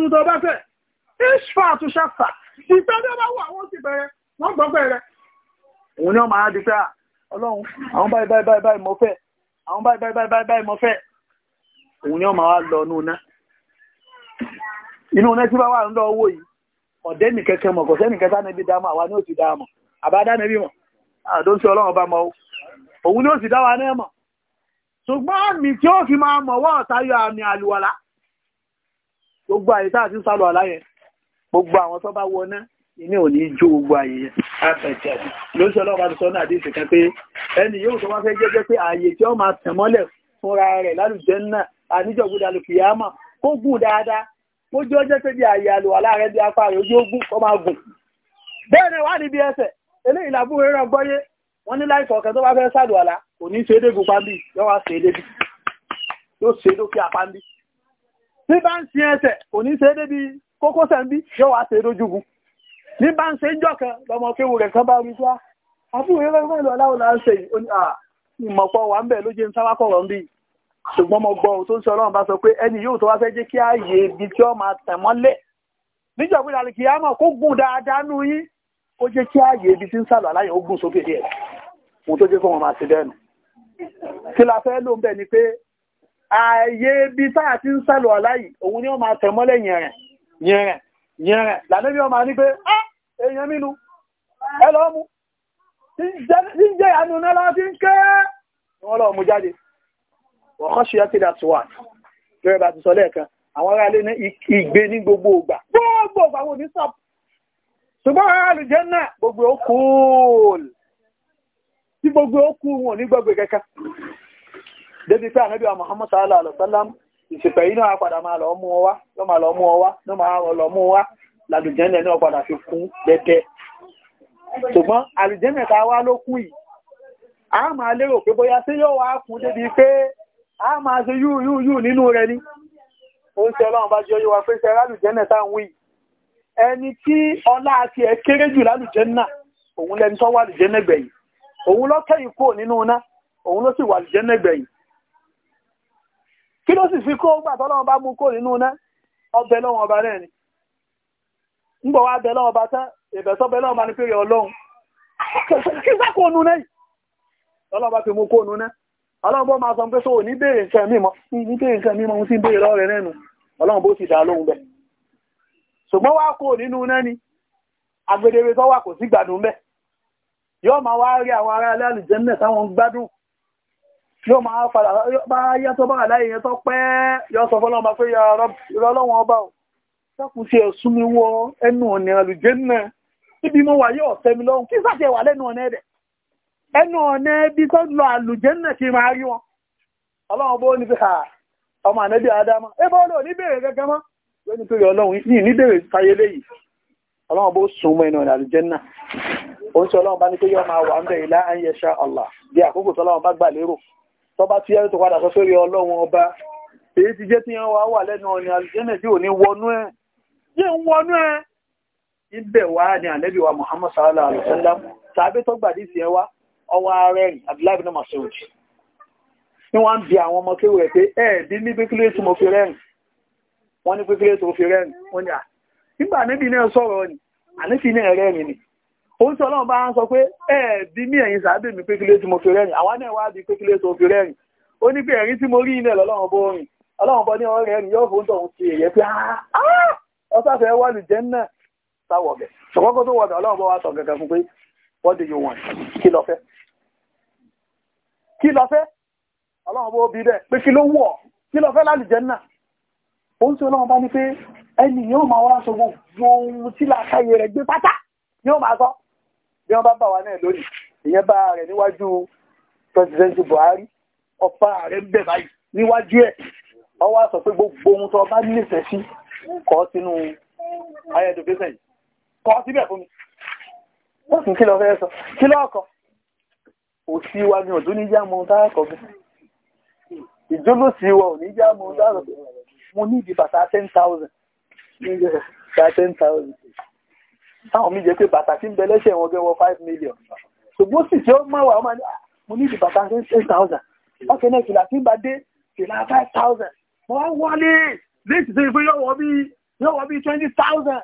ọ bá fẹ́ ọlọ́run àwọn báyìí báyìí báyìí báyìí mo fẹ́ àwọn báyìí báyìí báyìí báyìí mo fẹ́ òun ni wọ́n máa wá lọ inú iná inú iná tí bá wà ń lọ owó yìí ọ̀dẹ́ nìkẹ́kẹ́ mọ̀ kò sẹ́ni kẹta níbi dáa mọ̀ àwa ni ó ti dáa mọ̀ àbá dá níbi mọ̀ àdó ń sọ ọlọ́run ọba mọ̀ o òun ni ó ti dá wa náà mọ̀ ṣùgbọ́n àmì tí ó fi máa mọ̀ wọ́n ọ̀tayọ àmì àlùwàlá gbogbo àyíká àti sálọ àlá yẹn gbogbo àwọn tó bá wọ náà inú ò ní jó gbogbo àyè yẹn àbẹ̀tẹ̀ lóṣù ọlọ́pàá ti sọ náà àdéhùn kan pé ẹni yóò tó wá fẹ́ jẹ́jẹ́ pé àyè tí ó máa tẹ̀ mọ́lẹ̀ fúnra rẹ̀ lálùjẹ́ náà àníjọ̀gbọ́dà lùkìyàmà kó gùn dáadáa ó jẹ́ ọjọ́ pé bí àyè àlùwà láàrẹ bí apá rẹ̀ ojú ogún kọ máa gùn bẹ́ẹ̀ ni wà ní bí ẹsẹ̀ eléyìí làbúrò rẹ̀ gbọ́yé wọ́n ní láìsọ̀ ọ̀kẹ́ tó bá fẹ́ sàlùwàlá kò ní ṣe édégún pàmbí yóò wá ṣe édébí yóò ṣe dókè àpámbí bí bá ń sin ẹsẹ̀ kò ní ṣe édébí kókósẹ̀ ń bí yóò wá ṣe dójúgun ní bá ń ṣe jọ kan lọmọ kéwù rẹ̀ kan bá rí sá àfihàn eré rẹ̀ lọ láwọn láà ń ṣe ìmọ̀pọ̀ wà ń bẹ̀ ló jẹ́ ń sáwá kọ̀rọ̀ ń bì ṣùgbọ́n mo gbọ́ tó ń sọ ọlọ́run bá sọ pé ẹni yóò tó wá fẹ́ jẹ́ kí ààyè ibi tí ó máa tẹ̀ mọ́lẹ̀ níjọ́ pé dàrí kì í á mọ̀ kó la fẹ́ ló ń èèyàn mínu ẹlọ́mú tí ń jẹ́ ìyanu náà lọ́wọ́ tí ń ké wọ́n lọ mú jáde gbogbo ògbà gbogbo ògbà wọn ní sọ́ọ̀pù ṣùgbọ́n ará náà gbogbo ó tí gbogbo ó wọn ní gbogbo débi Muhammad sallallahu wa sallam yìí náà padà máa lọ mú lọ mú lọ mú làlùjẹ́nẹ̀ náà padà fi kún dẹ́dẹ́ ṣùgbọ́n àlùjẹ́nẹ̀ ta wá ló kún yìí a máa lérò pé bóyá sí yóò wá kún débi pé a máa ṣe yú yú yú nínú rẹ ní ó ń ṣe ọlọ́run bá jẹ́ oyé wa pé ṣe lálùjẹ́nẹ̀ táwọn yìí ẹni tí ọlá àti ẹ kéré jù lálùjẹ́nà òun lẹni tó wà ọbẹ̀ lọ́wọ́n ọba rẹ̀ ni ńgbọ̀ wá bẹ̀ lọ́wọ́ bá tán ìbẹ̀sọ́ bẹ̀ lọ́wọ́ bá ní pèrè ọlọ́run kí sá kò nù náà ọlọ́run bá fi mú kò nù náà ọlọ́run bó máa sọ pé sọ ní béèrè nǹkan mímọ́ ní béèrè nǹkan mímọ́ ohun tí ń béèrè lọ́rẹ̀ nẹ́nu ọlọ́run bó sì dá lóhun bẹ̀ ṣùgbọ́n wá kò nínú náà ni agbedere tó wà kò sí gbádùn bẹ̀ yóò máa wá rí àwọn ará alẹ́ àlùjẹ́nnà táwọn gbádùn yóò máa padà bá yàtọ̀ bá àláyé tó pẹ́ yọ sọ fọ́lọ́run bá pé yọ ọlọ́run ọba o dákun sí ẹ̀sùn mi wọ ẹnu ọ̀nà àlùjẹ́nà níbi mo wà yóò fẹ́ mi lọ́rùn kí sáà wà lẹ́nu ọ̀nà ẹ̀dẹ̀ ẹnu ọ̀nà ẹbí tó lọ àlùjẹ́nà kí máa rí wọn ọlọ́run bó ní fi hà ọmọ ànẹ́bí adama ẹ bọ́ lọ tó Allah bí àkókò tọ́lọ́run bá gbà lérò tó bá ti yẹ́rù tó padà sọ sórí ọlọ́run ọba èyí ti jẹ́ tí wọ́n wà lẹ́nu ọ̀nà àlùjẹ́nà tí ò ní wọnú ẹ̀ jẹ́ ń wọnú ẹ ibẹ̀ wá ní ànẹ́bí wa Muhammad sallallahu alaihi wasallam tàbí tó gbàdí sí ẹwà ọwọ́ ààrẹ rìn Abdullahi bin Mas'ud ní wọ́n ń àwọn ọmọ kéwù rẹ̀ ní pípílẹ̀ wọ́n ní pípílẹ̀ tó fi wọ́n ni náà ni òun bá ń sọ pé ẹ̀yìn mi pípílẹ̀ ọsàfẹ́ wà lù jẹ́ náà sáwọ̀ bẹ̀ ṣọ̀kọ́kọ́ tó wọ̀dà ọlọ́run bọ́ wa sọ gẹ́gẹ́ fún pé what do you want kí lọ fẹ́ kí lọ fẹ́ ọlọ́run bó bí bẹ́ẹ̀ pé kí ló wọ̀ kí lọ fẹ́ láti jẹ́ náà ó ń sọ ọlọ́run bá ní pé ẹni yóò máa wá sọ gbogbo ohun tí làákàyè rẹ̀ gbé pátá yóò máa sọ bí wọ́n bá bà wá náà lónìí ìyẹn bá rẹ̀ níwájú president Buhari ọ̀pá rẹ̀ ń bẹ̀ báyìí níwájú ẹ̀ ọwọ́ sọ pé gbogbo ohun tó bá nífẹ̀ẹ́ sí kọ́ sínú higher education yìí kọ́ síbẹ̀ fún mi wọ́n sì kí lọ fẹ́ sọ kí lọ́ọ̀kọ́ òsì wa ni òdó níjà mọ tá a kọ bí ìjólósì wa ò níjà mọ tá a mo ní ìdí bàtà ten thousand bàtà ten thousand táwọn mi jẹ pé bàtà tí ń bẹ lẹ́sẹ̀ wọn gẹ́wọ́ five million ṣùgbọ́n sì tí ó máa wà ó máa ní ah, mo ní ìdí bàtà ten thousand ọkẹ́ náà fìlà tí ń bá dé fìlà five thousand mo wá wọlé léèsì tó yẹ pé yọ̀wọ̀ bí yọ̀wọ̀ twenty thousand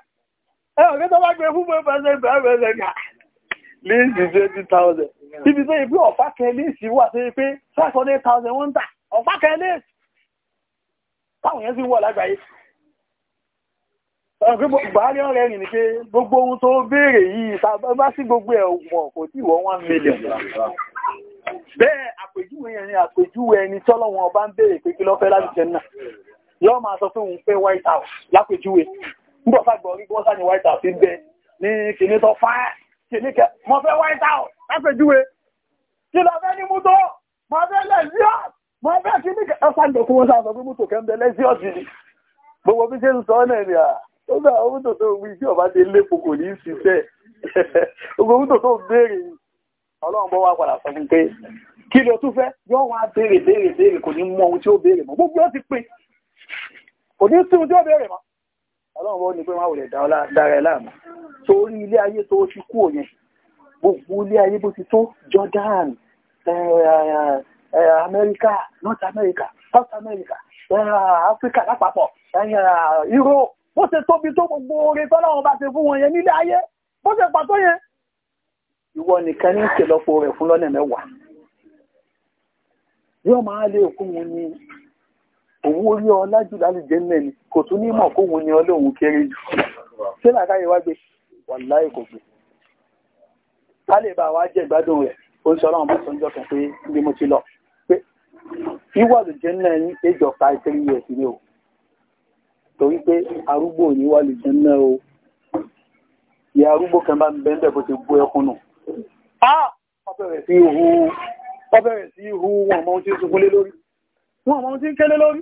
ẹ ọ̀gá tó bá gbé fún bẹ́ẹ̀ bẹ́ẹ̀ bẹ́ẹ̀ twenty thousand ibi tó yẹ pé ọ̀fà kan léèsì wà tó yẹ pé five thousand wọ́n ń tà ọ̀fà kan léèsì táwọn yẹn sì wọ̀ lágbàáyé Buhari ọ̀rẹ́ rìn ní pé gbogbo ohun tó béèrè yìí bá sí gbogbo ẹ̀wọ̀n kò tí wọ́n one million. Bẹ́ẹ̀ àpèjúwe yẹn ni àpèjúwe ẹni tọ́lọ́wọ́n ọba ń béèrè yóò máa sọ pé òun fẹ́ white house lápèjúwe nígbà sàgbọ̀ rí bọ́sà ní white house ń bẹ ní kìíní tó fá kìíní kẹ mo fẹ́ white house lápèjúwe kí lọ fẹ́ ní mútó mo fẹ́ lẹ́síọ́s mo fẹ́ kìíní kẹ ẹ sàgbọ̀ fún wọn sàgbọ̀ pé mútó kẹ́ ń bẹ lẹ́síọ́s ni gbogbo bí ṣe ń sọ náà ni à ó gbà owó tó tó wí tí ọba ti lé kòkò ní ṣiṣẹ́ <laughs> gbogbo owó tó tó béèrè ọlọ́run bọ́ wá padà sọ fún pé kí ló tún fẹ́ yóò wá béèrè béèrè béèrè kò ní mọ ohun tí ó béèrè mọ́ gbogbo ó ti pín kò ní sí ojú ọbẹ̀rẹ̀ mọ́ ọlọ́run wọ́n ní pé wọ́n wòlẹ̀ dára ẹ̀ láàmú torí ilé ayé tó ti kú òyìn gbogbo ilé ayé bó ti tó Jordan Amẹ́ríkà North America South America Africa lápapọ̀ Euro bó ṣe tóbi tó gbogbo oore tọ́lọ́run bá ṣe fún wọn yẹn nílé ayé bó ṣe pàtó yẹn ìwọ nìkan ní ìṣèlọ́pọ̀ rẹ̀ fún lọ́nà mẹ́wàá yóò máa lé òkú wọn ní owó rí ọ lájú lálùjẹ́ náà ni kò tún ní mọ̀ kóhun ni ọlọ́run kéré jù ṣé làkàyè wá gbé wàláì kò gbé ká lè bá wa jẹ ìgbádùn rẹ̀ ó ń sọ ọlọ́run bó sọ́njọ́ kan pé bí mo ti lọ pé wíwà lùjẹ́ náà ní ẹjọ́ ka three years ni o torí pé arúgbó ní wà lùjẹ́ náà o ìyá arúgbó kan bá ń bẹ́ ń bẹ̀ bó ti bú ẹkún nù ọbẹ̀rẹ̀ sí ihu wọn mọ ohun tí ń sunkún lé lórí wọn mọ ohun tí ń kélé lórí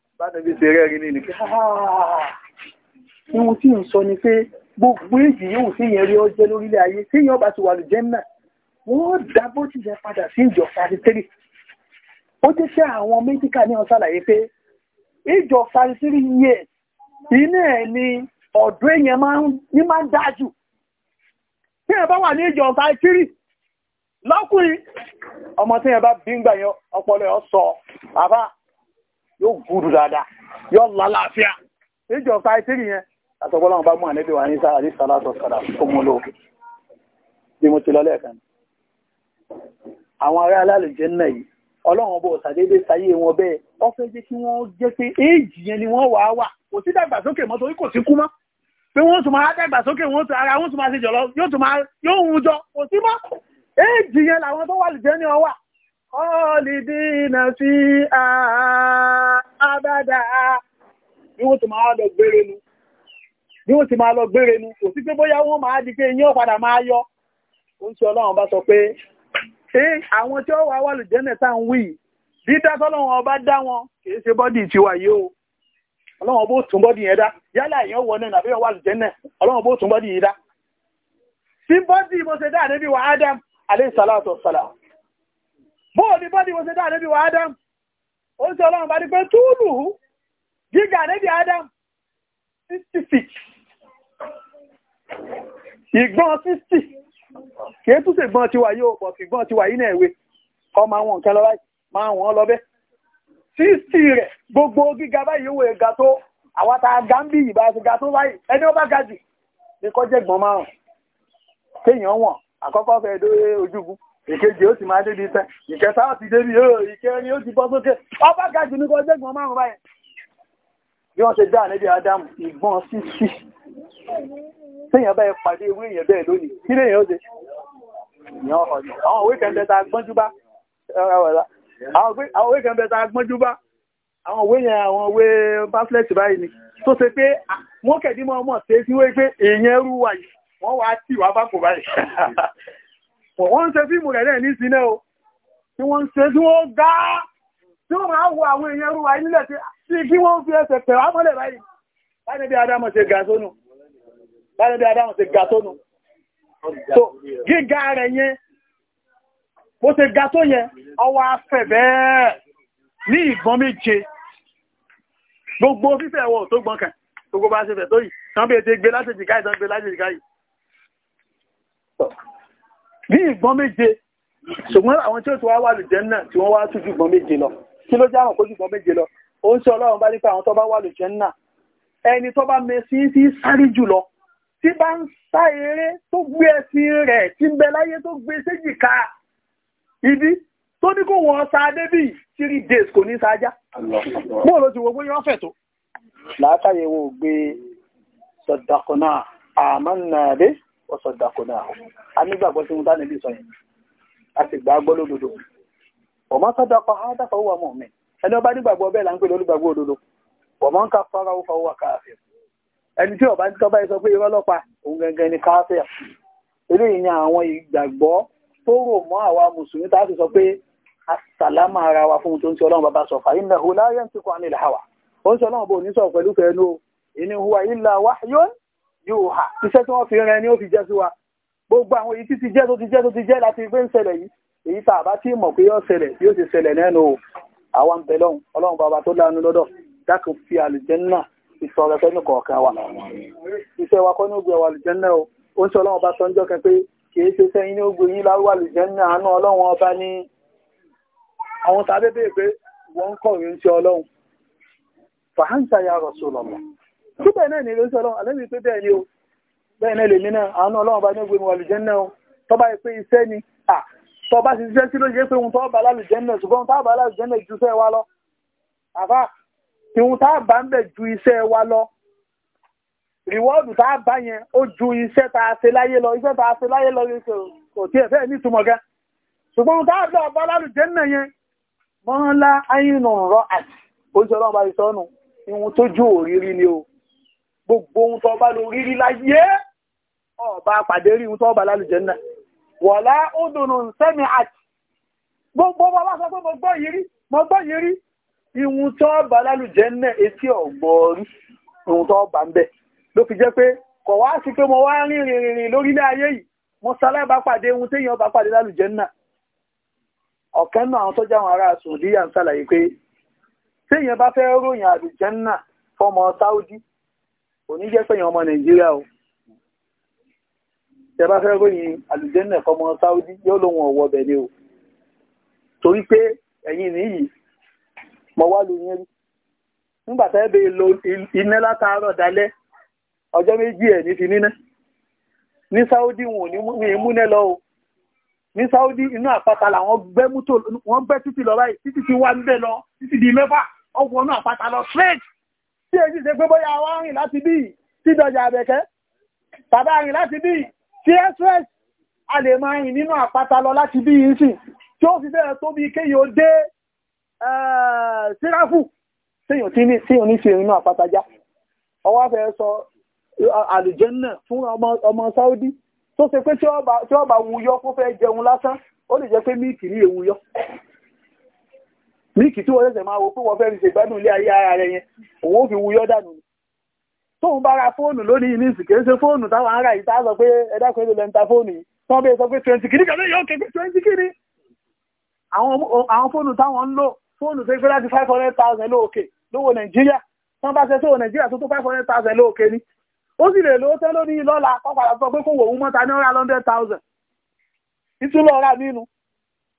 bánàbí ṣe rẹ́rin ní nìkẹ́ ohun tí ń sọ ni pé gbogbo èjì yóò sí yẹn rí ọjẹ́ lórílẹ̀ ayé tí yọba ti wà lùjẹ́ náà wọ́n dá bó ti yẹ padà sí ìjọ 33 ó jẹ́ sí àwọn mẹ́díkà ní ọ̀sàlàyé pé ìjọ 33 years iná ẹ̀ ni ọ̀dọ́ èèyàn ní máa ń dájú tí ẹ bá wà ní ìjọ 33 lọ́kùnrin ọmọ tí ẹ bá bí ń gbà yẹn ọpọlọ ẹ̀ sọ bàbá yóò gúdù dáadáa yóò lálàáfíà níjọ ká ìtìrì yẹn àtọ́gbọ́n láwọn bá mú ànẹ́bí wa ní sára ní sàlá sọ̀sọ̀rà tó mú lò bí mo ti lọ́lẹ̀ kan àwọn ará alálùjẹ́ náà yìí ọlọ́run bó ṣàdédé sayé wọn bẹ́ẹ̀ ó fẹ́ jẹ́ kí wọ́n jẹ́ pé éèjì yẹn ni wọ́n wàá wà kò sí dàgbàsókè mọ́ torí kò sí kú mọ́ pé wọ́n tún máa dàgbàsókè wọ́n tún ara wọ́n tún máa ṣe jọ̀lọ́ yóò tún máa yóò hun jọ kò sí mọ́ éèjì yẹn làwọn tó wà lùjẹ́ ní ọwà khalidina fiha abada bí wọ́n ti máa lọ gbére nu bí wọ́n ti máa lọ gbére nu kò sí pé bóyá wọ́n máa di pé yín padà máa yọ ó ń sọ ọlọ́run bá sọ pé ṣé àwọn tí ó wà wà lùjẹ́nẹ̀ tá ń wí dídá tọ́lọ́run ọba dá wọn kì í ṣe bọ́dì tiwa yìí o ọlọ́run bó tún bọ́dì yẹn dá yálà èèyàn wọ náà àbí ọwà lùjẹ́nẹ̀ ọlọ́run bó tún bọ́dì yìí dá sí bọ́dì mo ṣe dá àdébí wa Adam alayhi salatu wassalam bóò ní bọ́dí wọ́n ṣe dá níbi Adam ó ń sọ ọlọ́run bá ní pé túùlù gíga níbi Adam 60 feet ìgbọ́n 60 kìí tún sí ìgbọ́n tiwa yóò pọ̀ sí ìgbọ́n tiwa yìí náà ewé kọ́ máa wọn nǹkan lọ́wọ́ máa wọn lọ́bẹ́ 60 rẹ̀ gbogbo gíga báyìí owó ẹ̀ga tó àwátá gambi ìbá ti ga tó báyìí ẹni ó bá ga jù ní kọjẹ́ gbọ́n márùn-ún téèyàn wọ̀n ìkejì ó sì máa débi iṣẹ́ ìkẹta ó ti débi yóò ìkẹrin ó ti bọ́ sókè ọba gajù ní kọjá ìgbọ̀n márùn báyìí bí wọ́n ṣe dá níbi Ádámù ìgbọ̀n sí sí téèyàn bẹ́ẹ̀ pàdé ewé èèyàn bẹ́ẹ̀ lónìí kí lèèyàn ó ṣe àwọn òwe kẹ́ńtẹ́ ta gbọ́njú bá àwọn òwe kẹ́ńtẹ́ ta gbọ́njú bá àwọn òwe yẹn àwọn òwe pamphlet báyìí ni tó ṣe pé wọ́n kẹ̀dí mọ́ ọmọ ṣe sí wé pé èèyàn rú wà yìí wọ́n wá tì wá bá kò báyìí <laughs> pọ̀ wọ́n ń ṣe fíìmù rẹ̀ náà ní sinẹ́ o tí wọ́n ń ṣe tí wọ́n gá tí wọ́n máa wo àwọn èèyàn rúwa nílẹ̀ tí kí wọ́n fi ẹsẹ̀ tẹ̀wá mọ́lẹ̀ báyìí báyìí bí adámọ̀ ṣe ga sónù báyìí bí adámọ̀ ṣe ga sónù so gíga rẹ̀ yẹn bó ṣe ga tó yẹn ọwọ́ afẹ́ bẹ́ẹ̀ ní ìgbọ́n méje gbogbo fífẹ́ ẹ̀wọ̀ tó gbọ́n kàn gbogbo bá ṣe fẹ̀ tó yìí tán bí ètè gbé láti jìkáyì tán gbé láti jìkáyì bí ìgbọ́n méje ṣùgbọ́n àwọn tí ó ti wá wà lùjẹ́ náà tí wọ́n wá tún ju ìgbọ́n méje lọ kí ló jáwọn kó ju ìgbọ́n méje lọ ó ń ṣe ọlọ́run bá nípa àwọn tó bá wà lùjẹ́ náà ẹni tó bá mẹ sí sí sáré jùlọ tí bá ń sá eré tó gbé ẹṣin rẹ̀ tí ń bẹ láyé tó gbé séjìká ibi tó ní kó wọn sa débì three days kò ní sáájá bó ló ti wo pé yọ́n fẹ̀ tó. làákàyè wo gbé sọ̀dàkùnà àmọ́ nàbẹ́ ọ̀sọ̀ dàkọ̀dà a nígbàgbọ́ tí wọ́n dá níbi sọ̀yìn a sì gbà gbọ́ lódodo ọmọ sọ́dọ̀ ọkọ̀ ha dàpọ̀ wà mọ̀ mi ẹni ọba nígbàgbọ́ bẹ́ẹ̀ là ń pè lólùgbàgbọ́ òdodo ọmọ ń ka fara ó fa wà ẹni tí ọba tọ́ba yìí sọ pé irọ́ lọ́pa òun gangan ni káàfẹ́ eléyìí ni àwọn ìgbàgbọ́ tó rò mọ́ àwa mùsùlùmí tá a sì sọ pé asàlámà ara wa fún un tó ń ti ọlọ́run bàbá sọ fà innahu la yantiqu anil hawa ó ń sọ ọlọ́run bò ní illa wahyun yóò hà iṣẹ́ tí wọ́n fi rẹ ni ó fi jẹ́ sí wa gbogbo àwọn èyí tí ti jẹ́ tó ti jẹ́ tó ti jẹ́ láti gbé ń ṣẹlẹ̀ yìí èyí tá a bá tí mọ̀ pé yóò ṣẹlẹ̀ yóò ti ṣẹlẹ̀ nẹ́nu o àwa ń bẹ lọ́hùn ọlọ́run bàbá tó láàánú lọ́dọ̀ dákun fi àlùjẹ́nà ìsọ̀rọ̀ fẹ́nu kọ̀ọ̀kan wa iṣẹ́ wa kọ́ ní ògbé wa àlùjẹ́nà o ó ń sọ ọlọ́run ọba sọ ń jọ́kẹ́ pé kì í ṣe sẹ́yìn ní ògbé yín láwọ́ àlùjẹ́nà àánú ọlọ́run ọba ní àwọn tàbí bèèrè pé wọ́n ń kọ̀wé ń ṣe ọlọ́run fàhánsà ya Rasulullah síbẹ̀ náà ní lóṣọ́ ọlọ́run àlẹ́bí pé ni o bẹ́ẹ̀ náà lèmi náà àánú ọlọ́run bá ní ògbé mi lùjẹ́ náà tó bá iṣẹ́ ni à tó bá ti ṣiṣẹ́ sí ló yẹ pé ohun tó bá lálùjẹ́ náà ṣùgbọ́n tá bá lálùjẹ́ náà ju iṣẹ́ wa lọ àbá ìhun tá bá ń bẹ̀ ju iṣẹ́ wa lọ rìwọ́ọ̀dù tá bá yẹn ó ju iṣẹ́ tá a ṣe láyé lọ iṣẹ́ tá a ṣe láyé lọ kò tiẹ̀ fẹ́ẹ̀ ní ìtumọ̀ gan ṣùgbọ́n ohun tá bá lálùjẹ́ náà yẹn mọ́ńlá ayínú rọ àti oṣù ọlọ́run bá ti sọ́nù ìhun tó ju òrírí ni o gbogbo ohun tó bá lórí rí láyé ọba pàdé rí ohun tó bá lálùjẹ́ náà wọ̀lá ó dùnú sẹ́mi àti gbogbo ọba bá sọ pé mo gbọ́ yìí rí mo gbọ́ yìí rí ihun tó bá lálùjẹ́ náà etí ọ̀gbọ́ọ̀rí ohun tó bá ń bẹ̀ ló fi jẹ́ pé kọ̀ wá sí pé mo wá rìn rìn rìn lórílẹ̀ ayé yìí mo sáláì bá pàdé ohun téèyàn bá pàdé lálùjẹ́ náà ọ̀kan náà àwọn tó jáwọn ará sùn díyà ń sàlàyé pé téèyàn bá fẹ́ ròyìn àlùjẹ́ náà fọmọ sáúdí kò ní jẹ́ pẹ̀yìn ọmọ nàìjíríà o tẹ bá fẹ́ ròyìn àlùjẹ́nà ẹ̀kọ́mọ sáúdí yóò lóun ọ̀wọ́ ọbẹ̀ ni o torí pé ẹ̀yìn nìyí mọ̀ wá lu yẹn rí nígbà tẹ́ bẹ lo iná látàárọ̀ dalẹ́ ọjọ́ méjì ẹ̀ ní fi níná ní sáúdí wọn ò ní múná lọ o ní sáúdí inú àpáta làwọn gbẹ́ mọ́tò wọn gbẹ́ títì lọ báyìí títì ti wá níbẹ̀ lọ títì di mẹ́fà ọ̀wọ́nú àpáta lọ straight tí èyí ṣe pé bóyá wá rìn láti bí tí dọjà àbẹ̀kẹ́ tàbá rìn láti bí tí express a lè máa rìn nínú àpáta lọ láti bí yìí sì tí ó fi bẹ́ẹ̀ tó bí kéyìí ó dé síráfù tí ò ní ṣe nínú àpáta já ọwọ́ fẹ́ sọ eh, àlùjẹ́nà fún ọmọ Saudi tó ṣe pé tí ó bá wuyọ fún fẹ́ jẹun lásán ó lè jẹ́ pé míìkì ní èwuyọ mílìkì tí wọ́n ṣẹ̀ṣẹ̀ máa wo pé wọ́n fẹ́ fi ṣègbádùn ilé ayé ara rẹ yẹn òun ó fi wuyọ́ dànù tóun bá ra fóònù lónìí ní ìsìnkè ń ṣe fóònù táwọn ará yìí tá a sọ pé ẹ̀dá kan ló lẹ́ ń ta fóònù yìí tán bẹ́ẹ̀ sọ pé twenty kìíní kan lóyún ọ̀kẹ́ pé twenty kìíní àwọn fóònù táwọn ń lò fóònù tó ń fẹ́ láti five hundred thousand lóòkè lówó nàìjíríà tán bá ṣe tó nàìjíríà tó tó five hundred thousand lóòkè ni ó sì lè lówó tẹ́ lónìí lọ́la kọ́ padà sọ pé kó wò ó mọ́ta ní ọ̀rá hundred thousand ìtúlọ̀ ọ̀rá nínú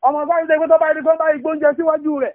ọmọ báyìí tó bá rí gbọ́n báyìí gbóúnjẹ síwájú rẹ̀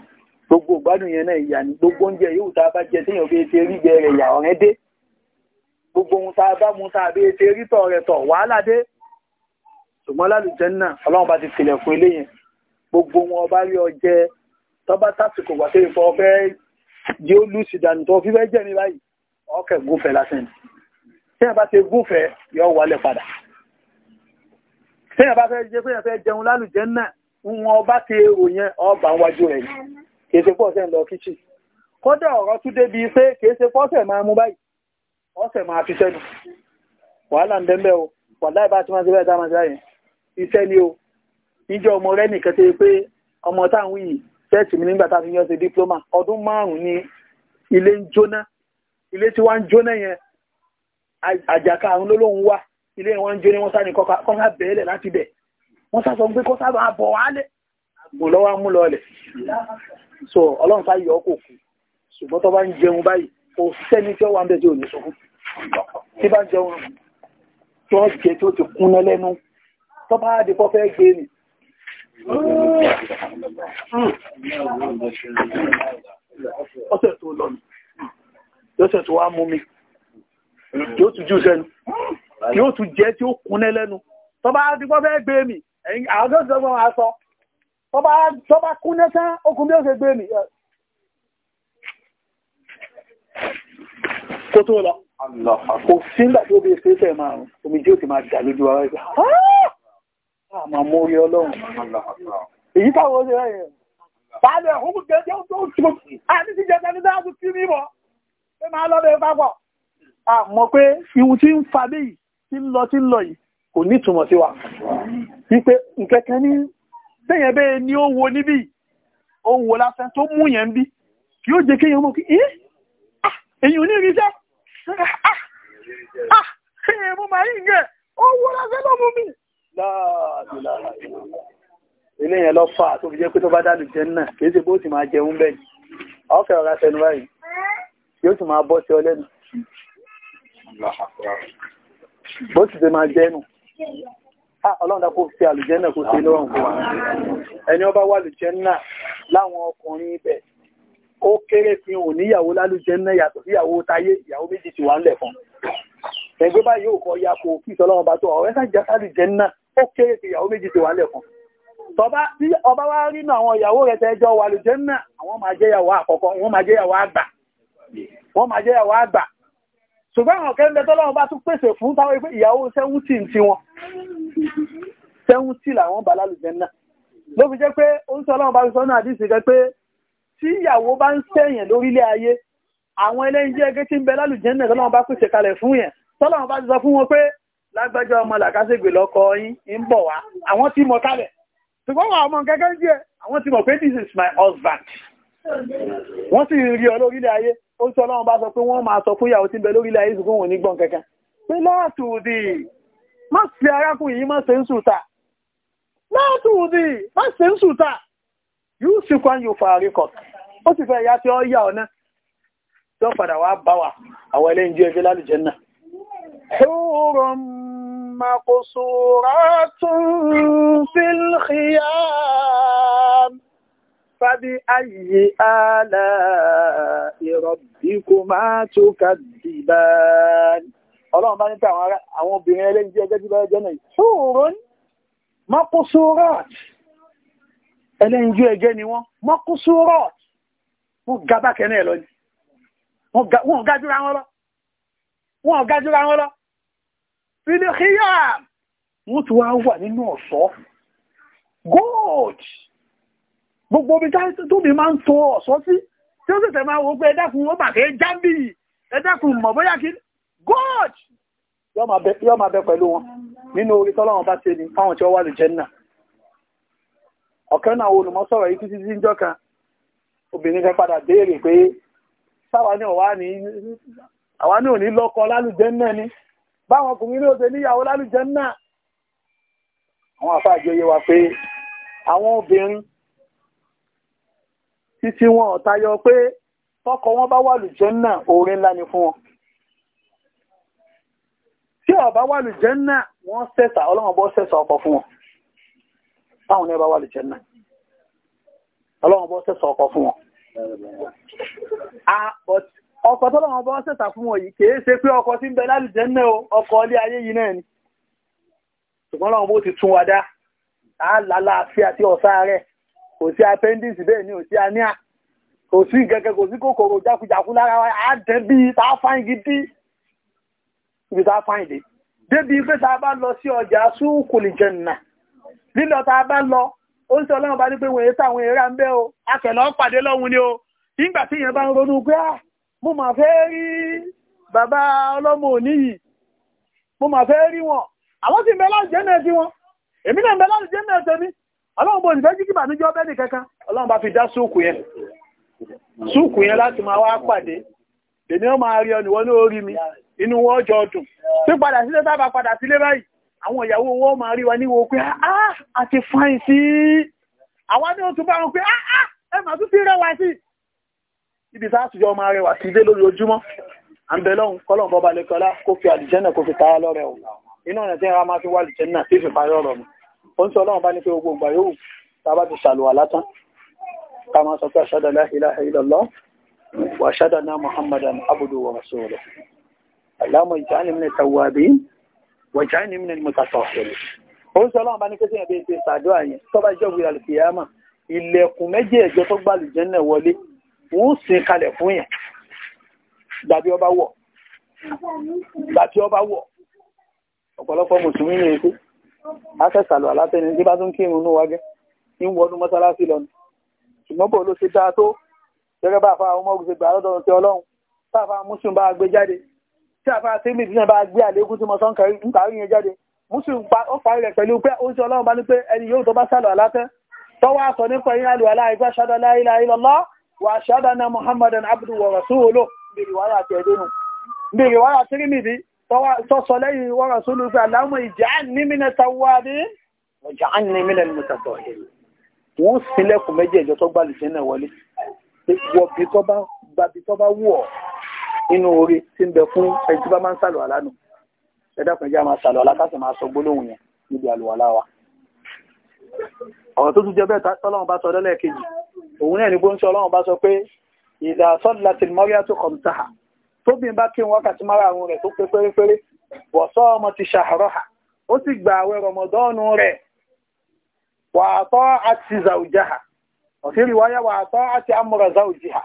gbogbo ìgbádùn yẹn náà ìyà ni gbogbo oúnjẹ yóò tá a bá jẹ téèyàn bí etí rí jẹ rẹ ìyà ọ̀rẹ́ dé gbogbo ohun tá a bá mu tá a bí etí rí tọ̀ rẹ tọ̀ wàhálà dé ṣùgbọ́n lálùjánnà ọlọ́run bá ti tilẹ̀kùn ilé yẹn gbogbo wọn ọba rí ọjẹ tọ́ba tásìkò wà síbi fọ́ fẹ́ di ó lùsì dànù tó fífẹ́ jẹ́ mi báyìí ọkẹ́ gúnfẹ́ lásán téèyàn bá ti gúnfẹ́ yọ wọlé padà téèyàn bá fẹ́ jẹ́ fẹ́ jẹun lálùjánnà wọn ọba ti èrò yẹn ọba kìí ṣe pọ́ọ̀sẹ̀ ń lọ kíchìn kódà ọ̀rọ̀ tún débi pé kìí ṣe pọ́ọ̀sẹ̀ máa mú báyìí ọ̀sẹ̀ máa fi sẹ́nu wàhálà ń bẹ́ẹ̀ o wàhálà ìbá tí wọ́n ti bẹ́ẹ̀ dá máa ti báyìí iṣẹ́ ni o níjọ ọmọ rẹ nìkan ṣe pé ọmọ táwọn yìí fẹ́ẹ̀tì mi nígbà táwọn yọ ṣe dípúlọ́mà ọdún márùn-ún ni ilé ń jóná ilé tí wọ́n ń jóná yẹn àjàkà àrùn lólóhùn wà ilé wọn ń jóná wọn sáré kọ́sá bẹ̀ẹ́lẹ̀ láti bẹ̀ wọ́n sá sọ pé kọ́sá máa bọ̀ wálé àgbò lọ́wọ́ á mú lọ ọlẹ̀ so ọlọ́run fà yọ kò kú ṣùgbọ́n tó bá ń jẹun báyìí kò sẹ́ni tí ó wà ń bẹ̀ tí ò ní sọkún tí bá ń jẹun tí wọ́n jẹ tí ó ti kún lẹ́nu tó bá di pọ́ fẹ́ gbé ni. ọ̀sẹ̀ tó lọ ni lọ́sẹ̀ tó wá mú mi yóò tún jù sẹ́nu yóò tún jẹ́ tí ó kún lẹ́nu tó bá di pọ́ fẹ́ gbé mi àwọn tó ń sọ tó bá kúnná tán okùn bí ó ṣe gbé mi kó tó lọ kò sígbà tí ó bí ṣe fẹ́ máa rùn omi jí ó ti máa dà lójú ara ìgbà àmà mú orí ọlọ́run èyí táwọn ó ṣe rẹ̀ yẹn pàálẹ̀ òun gẹ́gẹ́ tó ṣùgbọ́ àti ti jẹta ní dáàbò tí mímọ̀ pé máa lọ́dọ̀ ẹ pápọ̀ àmọ́ pé ihun tí ń fa bí tí ń lọ tí ń lọ yìí kò ní ìtumọ̀ sí wa wípé nkẹ́kẹ́ ní tẹ́yẹn bẹ́ẹ̀ ni ó wo níbí ó wo lásán tó mú yẹn bí yóò jẹ́ kí èèyàn mọ̀ kí ah, èèyàn ní ìrìnsẹ́ èèyàn ah, ah, mú màá yìí gẹ̀ ó lásán ló mú mi. ilé yẹn lọ fà tó fi jẹ́ pé tó ni ọkẹ́ ọ̀rá tẹnu báyìí yóò ti máa bọ́ sí ọ lẹ́nu Ah, ọlọ́run dákò fi àlùjẹ́nà kò sí lọ́rùn fún wa ẹni ọba wà lùjẹ́nà láwọn ọkùnrin ibẹ̀ ó kéré fi hàn níyàwó lálùjẹ́nà yàtọ̀ síyàwó táyé ìyàwó méjì ti wà ńlẹ̀ fún ẹgbẹ́ báyìí yóò kọ́ ya kò kí ìtọ́lọ́run bá tó ọ̀rẹ́ sájà lálùjẹ́nà ó kéré fi ìyàwó méjì ti wà ńlẹ̀ fún tọba tí ọba wá rí náà àwọn ìyàwó rẹ̀ tẹ́jọ́ wà lùjẹ́nà àwọn máa jẹ́yàwó àkọ́kọ́ wọ́n máa jẹ́yàwó àgbà ṣùgbọ́n àwọn kẹ́lẹ́ tọ́lọ́wọ́n bá tún pèsè fún táwọn ìpé ìyàwó sẹ́wúntì tí wọn sẹ́wúntì làwọn bá lálùjẹ́ náà ló fi jẹ́ pé ó ń sọ́lọ́wọ́n bá sọ́nà àdìsí jẹ́ pé tí ìyàwó bá ń sẹ́yìn lórílẹ̀ ayé àwọn ẹlẹ́yinjẹ́ ẹgẹ́ tí ń bẹ lálùjẹ́ náà tọ́lọ́wọ́n bá pèsè kalẹ̀ fún yẹn tọ́lọ́wọ́n bá ti sọ fún wọn pé lágbájá ọmọ làkásègbè lọ́kọ yín ń bọ̀ wá àwọn ti mọ̀ kalẹ̀ ṣùgbọ́n àwọn ọmọ kẹ́kẹ́ díẹ̀ àwọn ti mọ̀ pé this is my husband wọ́n sì rí ọ lórílẹ̀ ayé ó sọ ọlọ́run bá sọ pé wọ́n máa sọ fún ìyàwó tí ń bẹ lórílẹ̀ ayé ṣùgbọ́n òní gbọ́n kankan pé láàtùdì má sí arákùnrin yìí má ṣe ń sùtà láàtùdì má ṣe ń sùtà yóò sì kọ́ yóò fa àríkọ̀ ó sì fẹ́ ìyá tí ó yà ọ̀nà tí ó padà wá bá wa àwọn ẹlẹ́yìn jẹ́ ẹgbẹ́ lálùjẹ́ náà مقصورات في الخيام فبأي آلاء ربكما تكذبان ọlọ́run bá ní pé àwọn obìnrin ẹlẹ́yìn jẹ́ gẹ́gẹ́ bẹ́ẹ̀ jẹ́ náà ṣóòrùn mọ́kúsúrọ́t ẹlẹ́yìn jẹ́ ẹgẹ́ ni wọ́n mọ́kúsúrọ́t wọ́n ga bákẹ́ náà lọ ni wọ́n gájúra wọn lọ wọ́n gájúra wọn lọ fìdíkíyà wọ́n ti wá wà nínú ọ̀ṣọ́ gold gbogbo omi tóbi máa ń to ọ̀sọ́ sí tí ó sì tẹ̀ máa wo pé ẹ̀dẹ́kun ó bàtẹ́ jábì ẹ̀dẹ́kun mọ̀ bóyá kí god yóò máa bẹ pẹ̀lú wọn nínú orí tọ́lọ́wọ́n bá ṣe ni fáwọn tí ó wà lè jẹ́ náà ọ̀kan náà olùmọ́sọ̀rọ̀ yìí títí sí ìjọ kan obìnrin kan padà béèrè pé sáwa ní ọ̀wá ní àwa ní òní lọ́kọ lálùjẹ́ náà ni báwọn ọkùnrin ní òde níyàwó lálùjẹ́ náà àwọn àfáàjọ yé wa pé àwọn obìnrin títí wọn ò tayọ pé tọkọ wọn bá wà lùjẹ́nà oore ńlá ni fún wọn tí ọba wà lùjẹ́nà wọ́n sẹ́sà ọlọ́run bọ́ sẹ́sà ọkọ̀ fún wọn táwọn ní ọba wà lùjẹ́nà ọlọ́run bọ́ sẹ́sà ọkọ̀ fún wọn ọkọ̀ tọ́lọ́run bọ́ sẹ́sà fún wọn yìí kìí ṣe pé ọkọ̀ tí ń bẹ lálùjẹ́nà o ọkọ̀ ilé ayé yìí náà ni ṣùgbọ́n ọlọ́run bó ti tún wa dá á lálàáfíà tí ọ̀sá rẹ̀ kò sí appendix bẹ́ẹ̀ ni ò sí aníà kò sí gẹ́gẹ́ kò sí kòkòrò jákujàku lára wa á dẹ́ bí tá a fáyín gidi ibi tá a fáyín dé débi pé tá a bá lọ sí ọjà súnkùlì jẹ̀nà lílọ tá bá lọ ó ń sọ ọlọ́run bá ní pé wọ́n èyí táwọn èèrà ń bẹ́ o akẹ̀lọ́ pàdé lọ́hun ni o nígbà tí ìyẹn bá ń ronú pé ah, mo mà fẹ́ rí bàbá ọlọ́mọ òní yìí mo mà fẹ́ rí wọn àwọn sì ń bẹ láti jẹ́ náà sí wọn èmi náà ń bẹ láti jẹ́ náà tẹ̀mí ọlọ́run bó ti fẹ́ jíkìbà níjọ́ bẹ́ẹ̀ ní kankan ọlọ́run bá fi dá súùkù yẹn súùkù yẹn láti máa wá pàdé èmi ó máa rí ní orí mi inú wọn jọ dùn tí padà sílé sábà padà sílé báyìí àwọn ìyàwó wọn máa rí wa níwò pé áá àti fáìn sí àwa ní oṣù bá wọn pé ah, ah, ẹ mà tún fi rẹwà sí ibi sáàtùjọ máa rẹwà sí dé lórí ojúmọ́ àǹbẹ̀lọ́hùn kọ́lọ̀ bọ́balẹ̀kọ́lá kó fi àlùjẹ́nà kó fi tààrà lọ́rẹ̀ ò inú ọ̀nà tí ara máa fi wà àlùjẹ́nà tí ì fi parí ọ̀rọ̀ mi ó ń sọ ọlọ́run bá ní pé gbogbo ìgbà yóò tábà ti ṣàlùwà látán ká máa sọ pé ashhadu an la ilaha illallah wa ashhadu anna muhammadan abduhu wa rasuluhu allahumma ij'alni minat tawwabin wa ij'alni minal mutatahhirin ó ń sọ ọlọ́run bá ní pé sẹ́yìn bí ti ṣàdúrà yẹn tó bá jẹ́ òwúrọ̀ àlùkìyàmà ilẹ̀kùn méjì ẹ̀jọ́ tó gbà ọ̀pọ̀lọpọ̀ mùsùlùmí ni èkó afẹ́sàlù alátẹni tí bá tún kí irun wágẹ́ ń wọnú mọ́sálásí lọ ṣùgbọ́n bò ló ṣe dáa tó gẹ́gẹ́ bá àfa àwọn ọmọ gbèsè gbà lọ́dọ̀ ti ọlọ́run tá àfa mùsùlùm bá gbé jáde tí àfa tèmi ìdílé bá gbé àlékún tí mo sọ ń kàrí yẹn jáde mùsùlùm pa ó parí rẹ̀ pẹ̀lú pé ó ti ọlọ́run bá ní pé ẹni yóò tó bá sàlù alátẹ́ tọ́wọ́ àsọ nípa yín àlù aláìgbà ṣáda la ilaha illallah wà ṣáda na muhammadan abdu wa rasuluhu lò ń bèrè wáyà tẹ̀dínù ń bèrè wáyà tírímìdì tọ́sọ lẹ́yìn wa rasuluhu aláwọ̀ ij'alni mina tawwabin waj'alni mina al-mutatahhirin wọ́n sílẹ̀kùn méjì ẹ̀jọ́ tó gbà lùsẹ́ náà wọlé wọ̀bí tó bá wù ọ́ inú orí tí ń bẹ fún ẹni tí bá máa ń sàlù àlánù ẹ̀dàkùn ẹjẹ́ máa sàlù alákàtì máa sọ gbólóhùn yẹn níbi àlùwàlá wa ọ̀rọ̀ tó tún jẹ́ bẹ́ẹ̀ tọ́lọ́run bá sọ lẹ́lẹ́kejì òun náà ní bó ń sọ ọlọ́run bá sọ pé idha sallatil mar'atu khamsaha tóbìn bá kí mara márààrún rẹ̀ tó pé pere wọ̀sọ́ ọmọ ti ha ó sì gba àwẹ̀ rọmọdọ́ọ̀nù rẹ̀ wàátọ́ àti ha òfin ìwáyà wàátọ́ àti amúra ha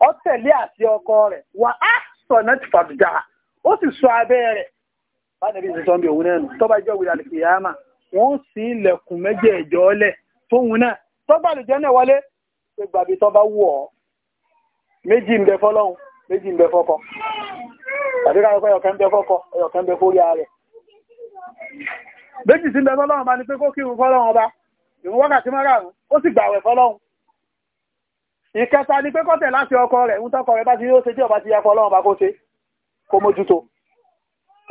ó tẹ̀lé àti ọkọ rẹ̀ wà á sọ náà ó sì sọ òun nù jẹ́ òwúrẹ́ wọ́n sì lẹ̀ tóun náà náà wọlé méjì ń bẹ fọ́kọ tàbí ká ọkọ ẹyọkẹ́ ń bẹ fọ́kọ ẹyọkẹ́ ń bẹ fórí ààrẹ méjì sí ń bẹ fọ́lọ́run bá ní pé kó kírun fọ́lọ́run ọba ìrun wákàtí márààrún ó sì gbàwẹ̀ fọ́lọ́run ìkẹta ni pé kọ́tẹ̀ láti ọkọ rẹ̀ ń tọkọ rẹ̀ bá ti yóò ṣe tí ọba ti ya fọ́lọ́run bá kó ṣe kó mójútó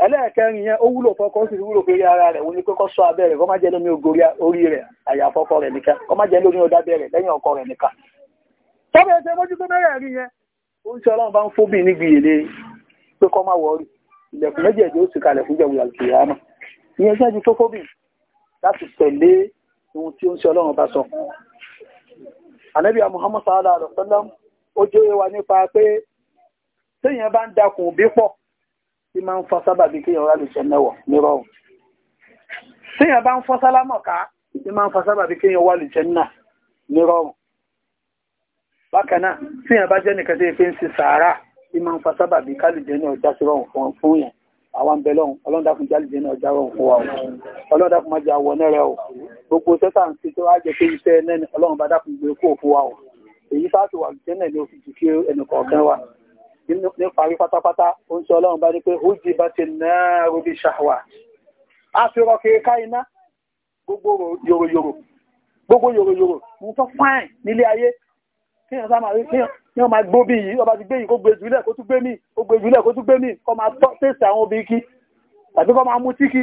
ẹlẹ́ẹ̀kẹrin yẹn ó wúlò fọ́kọ ó sì wúlò pé ara rẹ̀ òun ni pé kó sọ abẹ́ rẹ̀ kó má jẹ́ lómi ògórí orí rẹ̀ àyàfọ́kọ rẹ̀ nìkan kó má jẹ́ lómi ọ̀dábẹ́ rẹ̀ lẹ́yìn ọkọ rẹ̀ nìkan tọ́bẹ̀ ṣe mójútó mẹ́rẹ̀ẹ̀rin yẹn ó ń ṣe ọlọ́run bá ń fóbì níbi èlé pé kọ́ máa wọrí ilẹ̀kùn méjèèjì ó sì kalẹ̀ fún jẹ̀wé àlùkìyàmọ̀ ìyẹn ṣáájú tó fóbì láti tẹ̀lé ohun tí ó ń ṣe ọlọ́run bá sọ wa sallam ó jẹ́ wa nípa pé téèyàn bá ń dakùn jẹ́ bákan náà tí èèyàn bá jẹ́ nìkan tí èèyàn fi ń sàárà tí máa ń fa sábà bí kálùjẹ́ náà já sí rọrùn fún fún yẹn àwọn bẹ lọ́hùn ọlọ́dàkùn jálùjẹ́ náà já rọrùn fún wa o ọlọ́dàkùn má jẹ́ àwọ̀ nẹ́rẹ̀ o gbogbo sẹ́tà ń ti tó á jẹ́ pé iṣẹ́ ẹlẹ́ni ọlọ́run bá dákun gbé kó fún wa o èyí sáàtì wà lùjẹ́ náà ló fi jù sí ẹnì kọ̀ọ̀kan wa ní parí pátápátá ó ń sọ ọlọ́run bá ní pé ó jí bá ti náà rubí ṣàwà á fi rọ kiri ká iná gbogbo yòròyòrò gbogbo yòròyòrò ń sọ fáìn nílé ayé kí wọ́n máa gbó bí yìí ọba ti gbé yìí kó gbé jùlẹ̀ kó tún gbé mí kó gbé jùlẹ̀ kó tún gbé mí kó máa tọ́ tèsì àwọn obìnrin kí tàbí kó máa mutí kí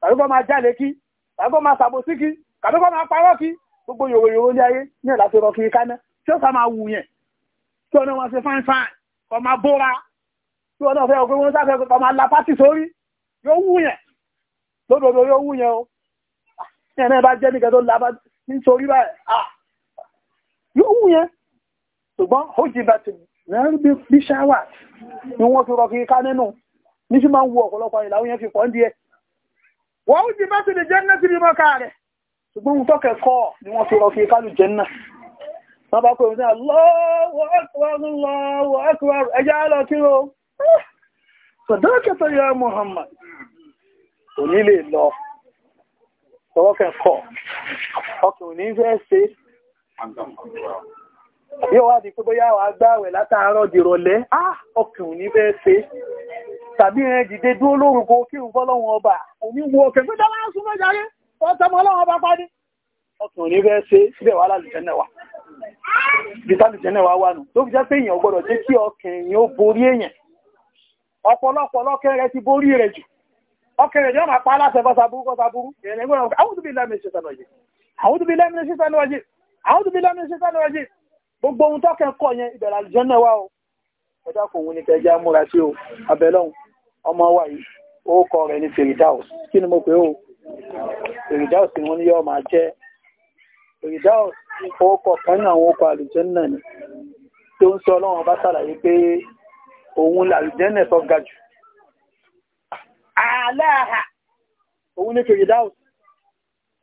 tàbí kó máa jáde kí tàbí kó máa sàbòsí kí tàbí kó máa parọ́ kí gbogbo yòwò yòwò ní ayé ní ẹ̀ láti rọ kiri káná tí ó sá máa wù yẹn tí ọ̀nà wọn ṣe fáìfáì kó máa bóra tí ọ̀nà fẹ́ ọgbẹ́ wọn sáfẹ́ kó máa la pátì sórí yóò wù yẹn lódodo yóò wù yẹn o ẹ̀rẹ́ bá jẹ́ nìkan tó la bá nítorí báyìí ah. yóò wù yẹn ṣùgbọ́n ó jí bá ti rẹ́rù bí ṣáwà ni wọ́n fi rọ kiri ká nínú ní ṣe máa ń wo ọ̀pọ̀lọpọ̀ ìlàwó yẹn fi pọ̀ díẹ̀ wọ́n ó jí bá ti lè jẹ́nà sí mímọ́ ká rẹ̀ ṣùgbọ́n ohun tọ́kẹ̀ kọ́ ni wọ́n fi rọ kiri ká lù jẹ́nà wọ́n bá kọ́ ìrìnà lọ́wọ́ akọwàrú lọ́wọ́ akọwàrú ẹjá lọ kí o sọ̀dọ́kẹ̀tọ̀ ya Muhammad kò ní lè lọ tọwọ́kẹ̀ kọ́ ọkùnrin fẹ́ ṣe yóò wá di pé bóyá wàá gbààwẹ̀ látàárọ̀ dìrọ̀lẹ́ ọkùnrin ní bẹ́ẹ̀ ṣe tàbí ẹ dìde dúró lórúkọ kí n fọlọ́wọn ọba òní wo òkè pé dáwà súnmọ́ jáde wọ́n tọmọ ọlọ́wọ́n ọba pàdé ọkùnrin bẹ́ẹ̀ ṣe síbẹ̀ wà lálùjẹ́ náà wà ìtàlùjẹ́ náà wà nù tó fi jẹ́ pé èèyàn gbọ́dọ̀ jẹ́ kí ọkùnrin ó borí èèyàn ọ̀pọ̀lọpọ̀ ọlọ́kẹ́ rẹ ti borí rẹ jù ọkẹrẹ jọ máa gbogbo ohun tọ́kẹ́ kọ́ yẹn ìbẹ̀rẹ̀ àlùjànnà wá o ẹ̀dá kò wù ní kẹjá múra sí o abẹ́lọ́hun ọmọ wa yìí ó kọ rẹ̀ ní fèrèdáus kí ni mo pè ó fèrèdáus ni wọ́n ní yọ́ máa jẹ́ fèrèdáus ó kọ kan ní àwọn okọ̀ àlùjànnà ni tó ń sọ ọlọ́run bá ṣàlàyé pé òun làlùjànnà tó ga jù aláha òun ní fèrèdáus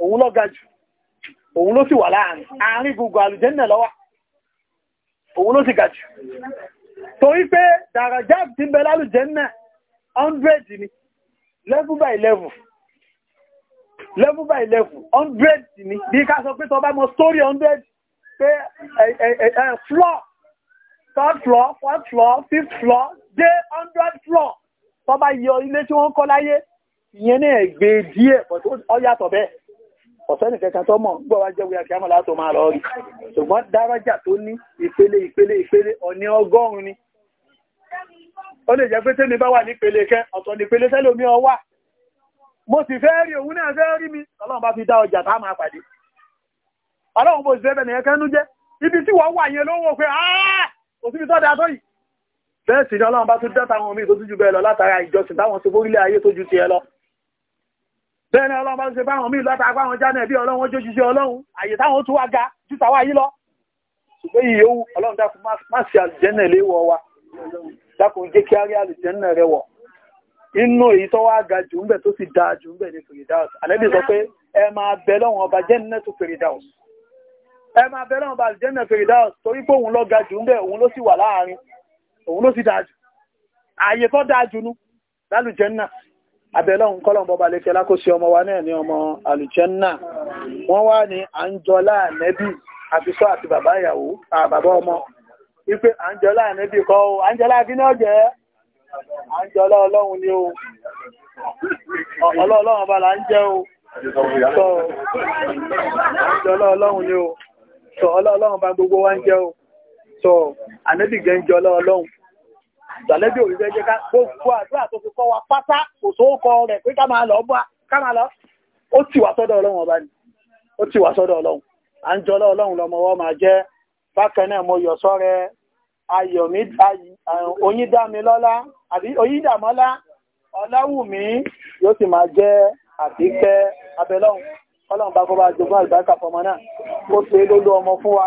òun ló ga jù òun ló sì wà láàrin àárín gbogbo àlùjànnà ló òun ló sì ga jù torí pé darajat ti bẹ lálùjẹ́ náà 100 ni level by level level by level 100 ni bí ká sọ pé tọba mọ story 100 pé floor third floor fourth floor fifth floor dé 100 floor tọba yọ ilé tí wọ́n kọ́ láyé ìyẹn ní ẹ̀gbẹ́ díẹ̀ ọ̀yàtọ̀ bẹ́ẹ̀ ọ̀sẹ́nì kẹta tó mọ̀ gbọ́ wá jẹ́ wíyà kí á mọ̀ látò máa lọ rí ṣùgbọ́n dárọ́jà tó ní ìpele ìpele ìpele ọ̀ní ọgọ́rùn-ún ni ó lè jẹ́ pé tẹ́mi bá wà ní ìpele kẹ́ ọ̀tọ̀ ní ìpele tẹ́lómi ọ wà mo sì fẹ́ rí òun náà fẹ́ rí mi ọlọ́run bá fi dá ọjà tá máa pàdé ọlọ́run bó sì fẹ́ bẹ̀rẹ̀ kẹ́nu jẹ́ ibi tí wọ́n wà yẹn lówó pé òsibí tó dáa tó yìí bẹ́ẹ̀ sì ni ọlọ́run bá tún dá táwọn míì tó tún ju bẹ́ẹ̀ lọ látara ìjọsìn táwọn ṣe fórílẹ̀ ayé tó ju tiẹ̀ lọ bẹ́ẹ̀ni ọlọ́run bá ṣe báwọn míì látàgbà àwọn jánà bí ọlọ́run jójúṣe ọlọ́run àyè táwọn tó wá ga jù tàwa yí lọ ṣùgbọ́n yìí yóò ọlọ́run dákun má sí àlùjẹ́nà léwọ wa dákun jẹ́ kí á rí àlùjẹ́nà rẹ wọ̀ inú èyí tó wá ga jù ń bẹ̀ tó sì da jù ń bẹ̀ ní fèrèdáùs àlẹ́bí sọ pé ẹ máa bẹ lọ́wọ́n ọba jẹ́nà tó fèrèdáùs ẹ máa bẹ lọ́wọ́n ọba jẹ́nà fèrèdáùs torí pé òun ló ga jù ń bẹ̀ òun ló sì wà láàárín òun ló sì da jù àyè tó da jù nú lálùjẹ́nà abẹ́lọ́hun kọ́lọ̀ bọ́ba lè fẹ́ lákòsí ọmọ wa náà ní ọmọ àlùjànnà wọ́n wá ní àńjọlá ànẹ́bì àti sọ àti bàbá ìyàwó àbàbá ọmọ wípé àńjọlá ànẹ́bì kọ́ o àńjọlá àbí náà jẹ́ àńjọlá ọlọ́run ni o ọlọ́run ọba là ń jẹ́ o sọ àńjọlá ọlọ́run ni o sọ ọlọ́run ọba gbogbo wa ń jẹ́ o sọ ìgbàlẹ́bí òrí fẹ́ jẹ́ ká gbogbo àdúrà tó fi kọ́ wa pátá kò sóókọ rẹ̀ pé ká máa lọ bá ká máa lọ ó ti wà sọ́dọ̀ ọlọ́run ọba ni ó ti wà sọ́dọ̀ ọlọ́run à ń jọlọ́ ọlọ́run lọmọwọ́ máa jẹ́ bákan náà mo yọ̀ sọ́rẹ́ oyídámilọ́lá àbí oyídàmọ́lá ọláwùmí yóò sì máa jẹ́ àbíkẹ́ abẹ́lọ́run ọlọ́run bá kọ́ bá jogún àlùbáríkà fọmọ náà kó ṣe lólú ọmọ fún wa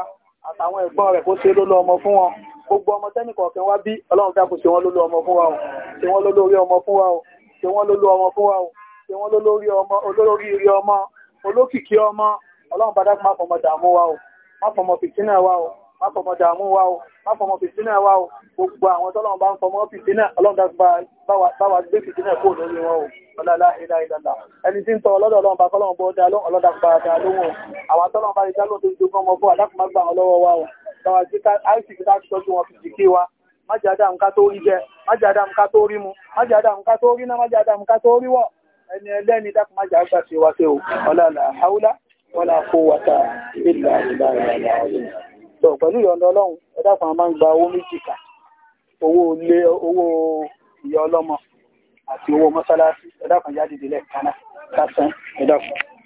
àtàwọn ẹ̀gbọ́n rẹ̀ kó ṣe lólú ọmọ fún wọn gbogbo ọmọ tẹ́nìkọ̀ọ̀kan wá bí ọlọ́run dákun ṣe wọ́n lólú ọmọ fún wa o ṣe wọ́n lólórí ọmọ fún wa o ṣe wọ́n lólú ọmọ fún wa o ṣe wọ́n lólórí ọmọ olórí ire ọmọ olókìkí ọmọ ọlọ́run padà má fọmọ dààmú wa o má fọmọ fìtínà wa o má fọmọ dààmú wa o má fọmọ fìtínà wa o gbogbo àwọn tọ́lọ́run bá ń fọmọ fìtínà ọlọ́run dákun bá wa gbé fìtínà kó lórí wọn o ọlọ́lá ìlà ìdàlà ẹni tí ń tọ ọlọ́dọ̀ ọlọ́run bá kọ́lọ́run bọ́ dá lọ́dà gbáradà lóhùn àwọn tọ́lọ́run bá lè dá lóhùn tó ń jogún ọmọ fún àdákùnmágbà ọlọ́wọ́ wa o àìsìkítà tọ́jú wọn fi jìkí wa májá dáàmù ká tó rí jẹ májá dáàmù ká tó rí mu májá dáàmù ká tó rí náà májá dáàmù ká tó rí wọ̀ ẹni ẹlẹ́ni dákun májá gbà sí wa sí o ọlá là haúlá wọlá kó wata ìlà ìlà ìlà ìlà tó pẹ̀lú ìyọ̀ǹda ọlọ́run ẹ dákun a máa ń gba owó méjì kà owó ilé owó ìyá ọlọ́mọ àti owó mọ́sálásí ẹ dákun yá dìde lẹ́ẹ̀kan náà ẹ dákun.